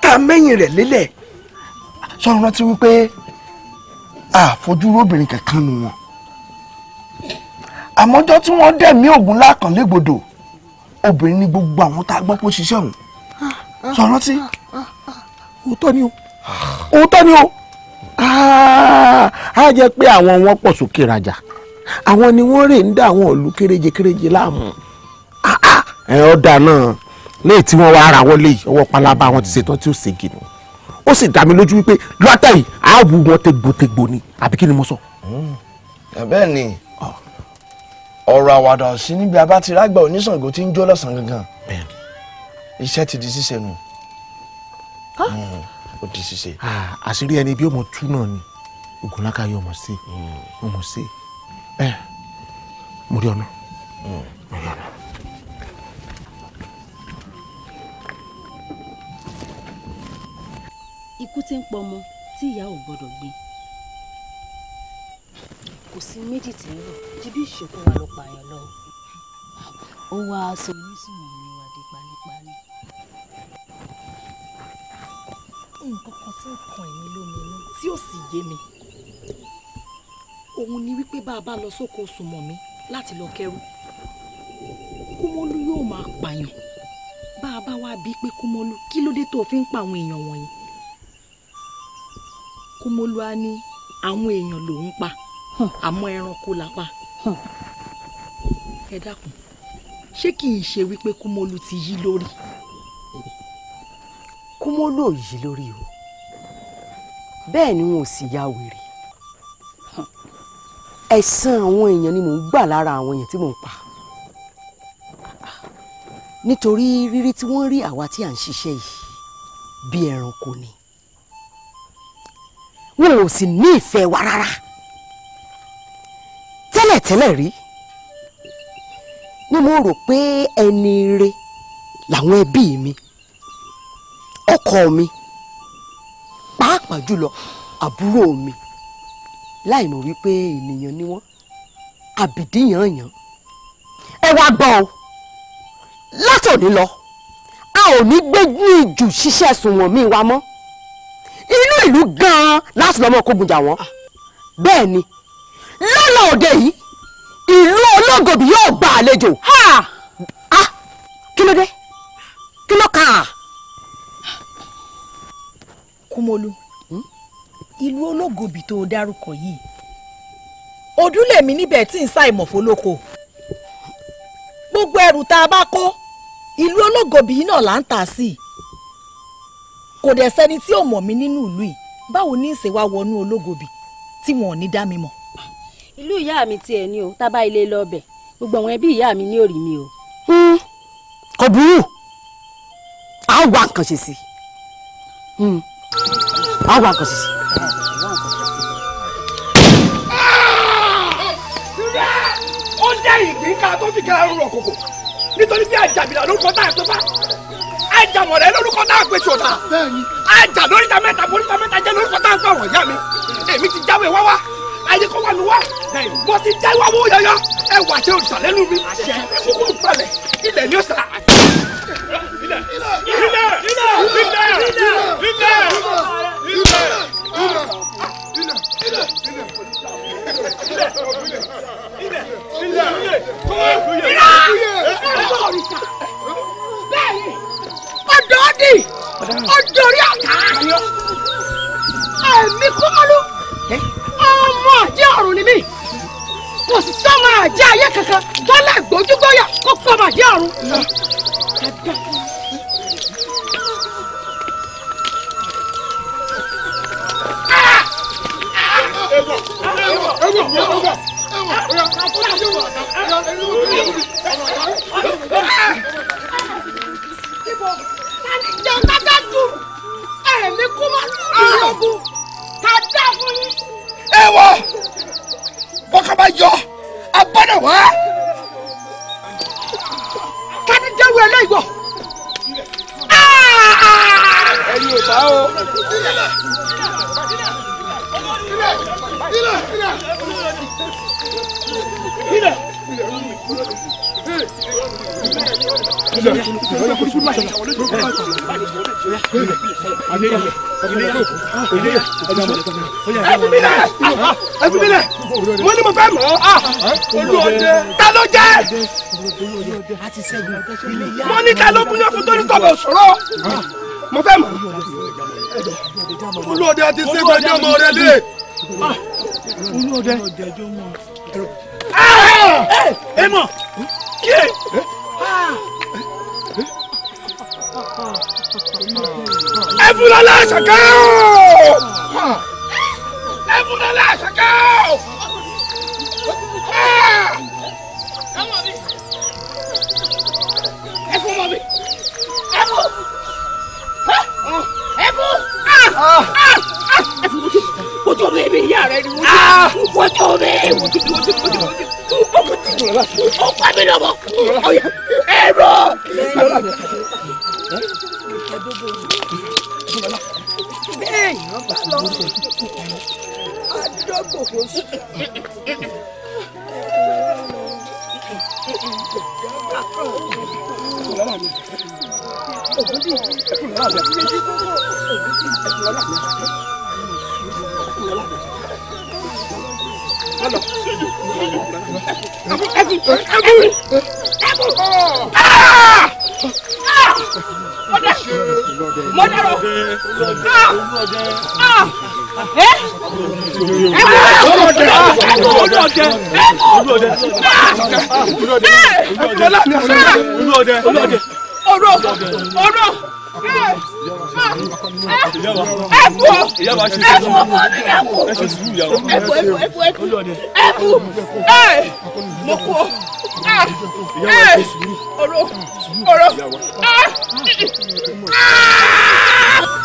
A: tá a mẹ́yìn rẹ̀ lélẹ̀ sọ̀rọ̀ rántí wípé àfojúrí obìnrin kankan nu wọn àmọ́jọ́ tí wọ́n dẹ̀mí Ògúnlá kan légbodò obìnrin ni gbogbo àwọn tá a gbọ́ pé ó ṣiṣẹ́ ọ̀hún
C: sọ rántí ah, ah, ah,
A: òótọ́ ni o òótọ́ ni o a jẹ́ pé àwọn wọn pọ̀ sókè rajà àwọn ni wọ́n rè ń dá àwọn òlu kéréje kéréje láàmú ẹ ọ̀dà náà léyìí tí wọ́n wá ara wọlé yìí ọwọ́ pálábá wọn ti ṣetán tí ó ṣègì nù ó sì dá mi lójú wípé látàyè àáwù wọn tegbòtegbò ni àbí kí ni mo sọ. Hmm. bẹ́ẹ̀ ni ọ̀rọ̀ àwàdà ọ̀sìn níbi abá ti rágbà oníṣàngó tí ń jó lọ́sàn-án gangan. bẹ́ẹ̀ ni iṣẹ́ ti di ṣíṣe nù O hmm, di ṣíṣe. àṣírí ẹni bí ọmọ tú náà ni ogunlaka yọ ọmọ sí ọmọ hmm. sí ẹ mo rí ọ̀nà hmm. mo rí ọ̀nà.
D: ikú ti ń pọmọ tí ìyá ò gbọdọ̀ gbé kò sí méjì tí ń rò jíbí ìṣèkú wa ló pààyàn lọ ó wá aṣọ onísùnmọ̀ nǹkan kan tí ń kan ẹ̀mí lóminú tí ó sì yé mi òun ni wípé bá a bá lọ sóko sùnmọ̀ mi láti lọ kẹ́rù kúmọ́lú yóò máa pààyàn bá a bá wá bíi pé kúmọ́lú kí ló dé tó o fi ń pa àwọn èèyàn wọ̀nyí kúmọ́lú á ní àwọn èèyàn lòún pa àmọ́ ẹranko là pa ẹ dákun ṣé kì í ṣe wípé kúmọ́lú ti yí lórí kó mọ́ lòyìí lórí o bẹ́ẹ̀ ni wọn ò sì ya wèrè ẹ̀san àwọn èèyàn ni mò ń gbà lára àwọn èèyàn tí mò ń pa nítorí rírí tí wọ́n rí àwa tí à ń ṣiṣẹ́ yìí bí ẹranko ni wọn ò sì ní ìfẹ́ wa rárá tẹ́lẹ̀tẹ́lẹ̀ rí ni mo rò pé ẹni ire làwọn ẹbí mi ọkọ mi pàápàá jùlọ àbúrò mi láì mọ̀ wípé ènìyàn ni wọ́n àbìdíyànyàn ẹ wá gbọ́ o látòní lọ a ò ní gbẹ́jú ìjù ṣiṣẹ́ sùnwọ̀n mi wa mọ́ inú ìlú gan-an láti lọ́mọ kógun jà wọ́n bẹ́ẹ̀ ni lọ́nà òde
B: yìí ìlú ológòbí yóò gba àlejò ah! kí ló dé kí ló kà á kúmólú
D: hmm? ìlú ológobì tó o dárúkọ yìí ọdún lèmi níbẹ̀ tí ń sá ìmọ̀fó lóko gbogbo ẹrù tá a bá kó ìlú ológobì yìí náà là ń tà sí i kò dẹ̀ sẹ́ni tí ò mọ̀ mí nínú ìlú yìí báwo ní ìṣe wá wọnú ológobì tí wọn ò ní dá mi mọ̀. ìlú ìyá mi tiẹ̀ ni o tábà ilé lọ́bẹ̀ gbogbo àwọn ẹbí ìyá mi ní òrì mi o. Hmm, kò burú a ó wá nǹkan ṣe sí i. Hmm wá nǹkan ṣe sí.
B: ó jẹ́ ìgbín ká tó fi kẹ́ra rúrọ̀ kòkò nítorí bí àjàbìlà lórúkọ
A: tá a tó bá àjàmọ̀rẹ́ lórúkọ tá a gbé ṣọ̀tà àjà lóríta mẹ́ta boríta mẹ́ta jẹ́ lórúkọ tá a gbà wọ̀nyá mi èmi ti jáwé wá wá ayé kọ́ wà lówà mo ti jáwé owó yọyọ ẹ wà ṣe òrìṣà lẹ́nu mi kókó falẹ̀ ilẹ̀ ilẹ̀
B: ayé kankan tó lè kó pọ̀ bàjẹ́ ọ̀run. Aleluia!
C: ẹtùbílẹ̀ ẹtùbílẹ̀ mo ní mo fẹ́ mọ̀ ọ́ ta ló jẹ́ mo
B: ní ta ló gúnyán fún torí tọ́lọ̀ sọ̀rọ̀
A: mo fẹ́ mọ̀ olú ọdẹ ti ẹjọ́ ọmọ rẹ lé olú
B: ẹ mọ̀ kí ẹ
C: ẹ fúnra lásán kan.
B: ラボ yàrá ṣe sùúrù. ẹ̀fù ọmọ mi ẹ̀fù ẹ̀fù ẹ̀fù ẹ̀fù ẹ̀fù ẹ̀fù ẹ̀
C: mo kú ọ ẹ̀ ọ̀rọ̀ ọ̀rọ̀ ẹ̀.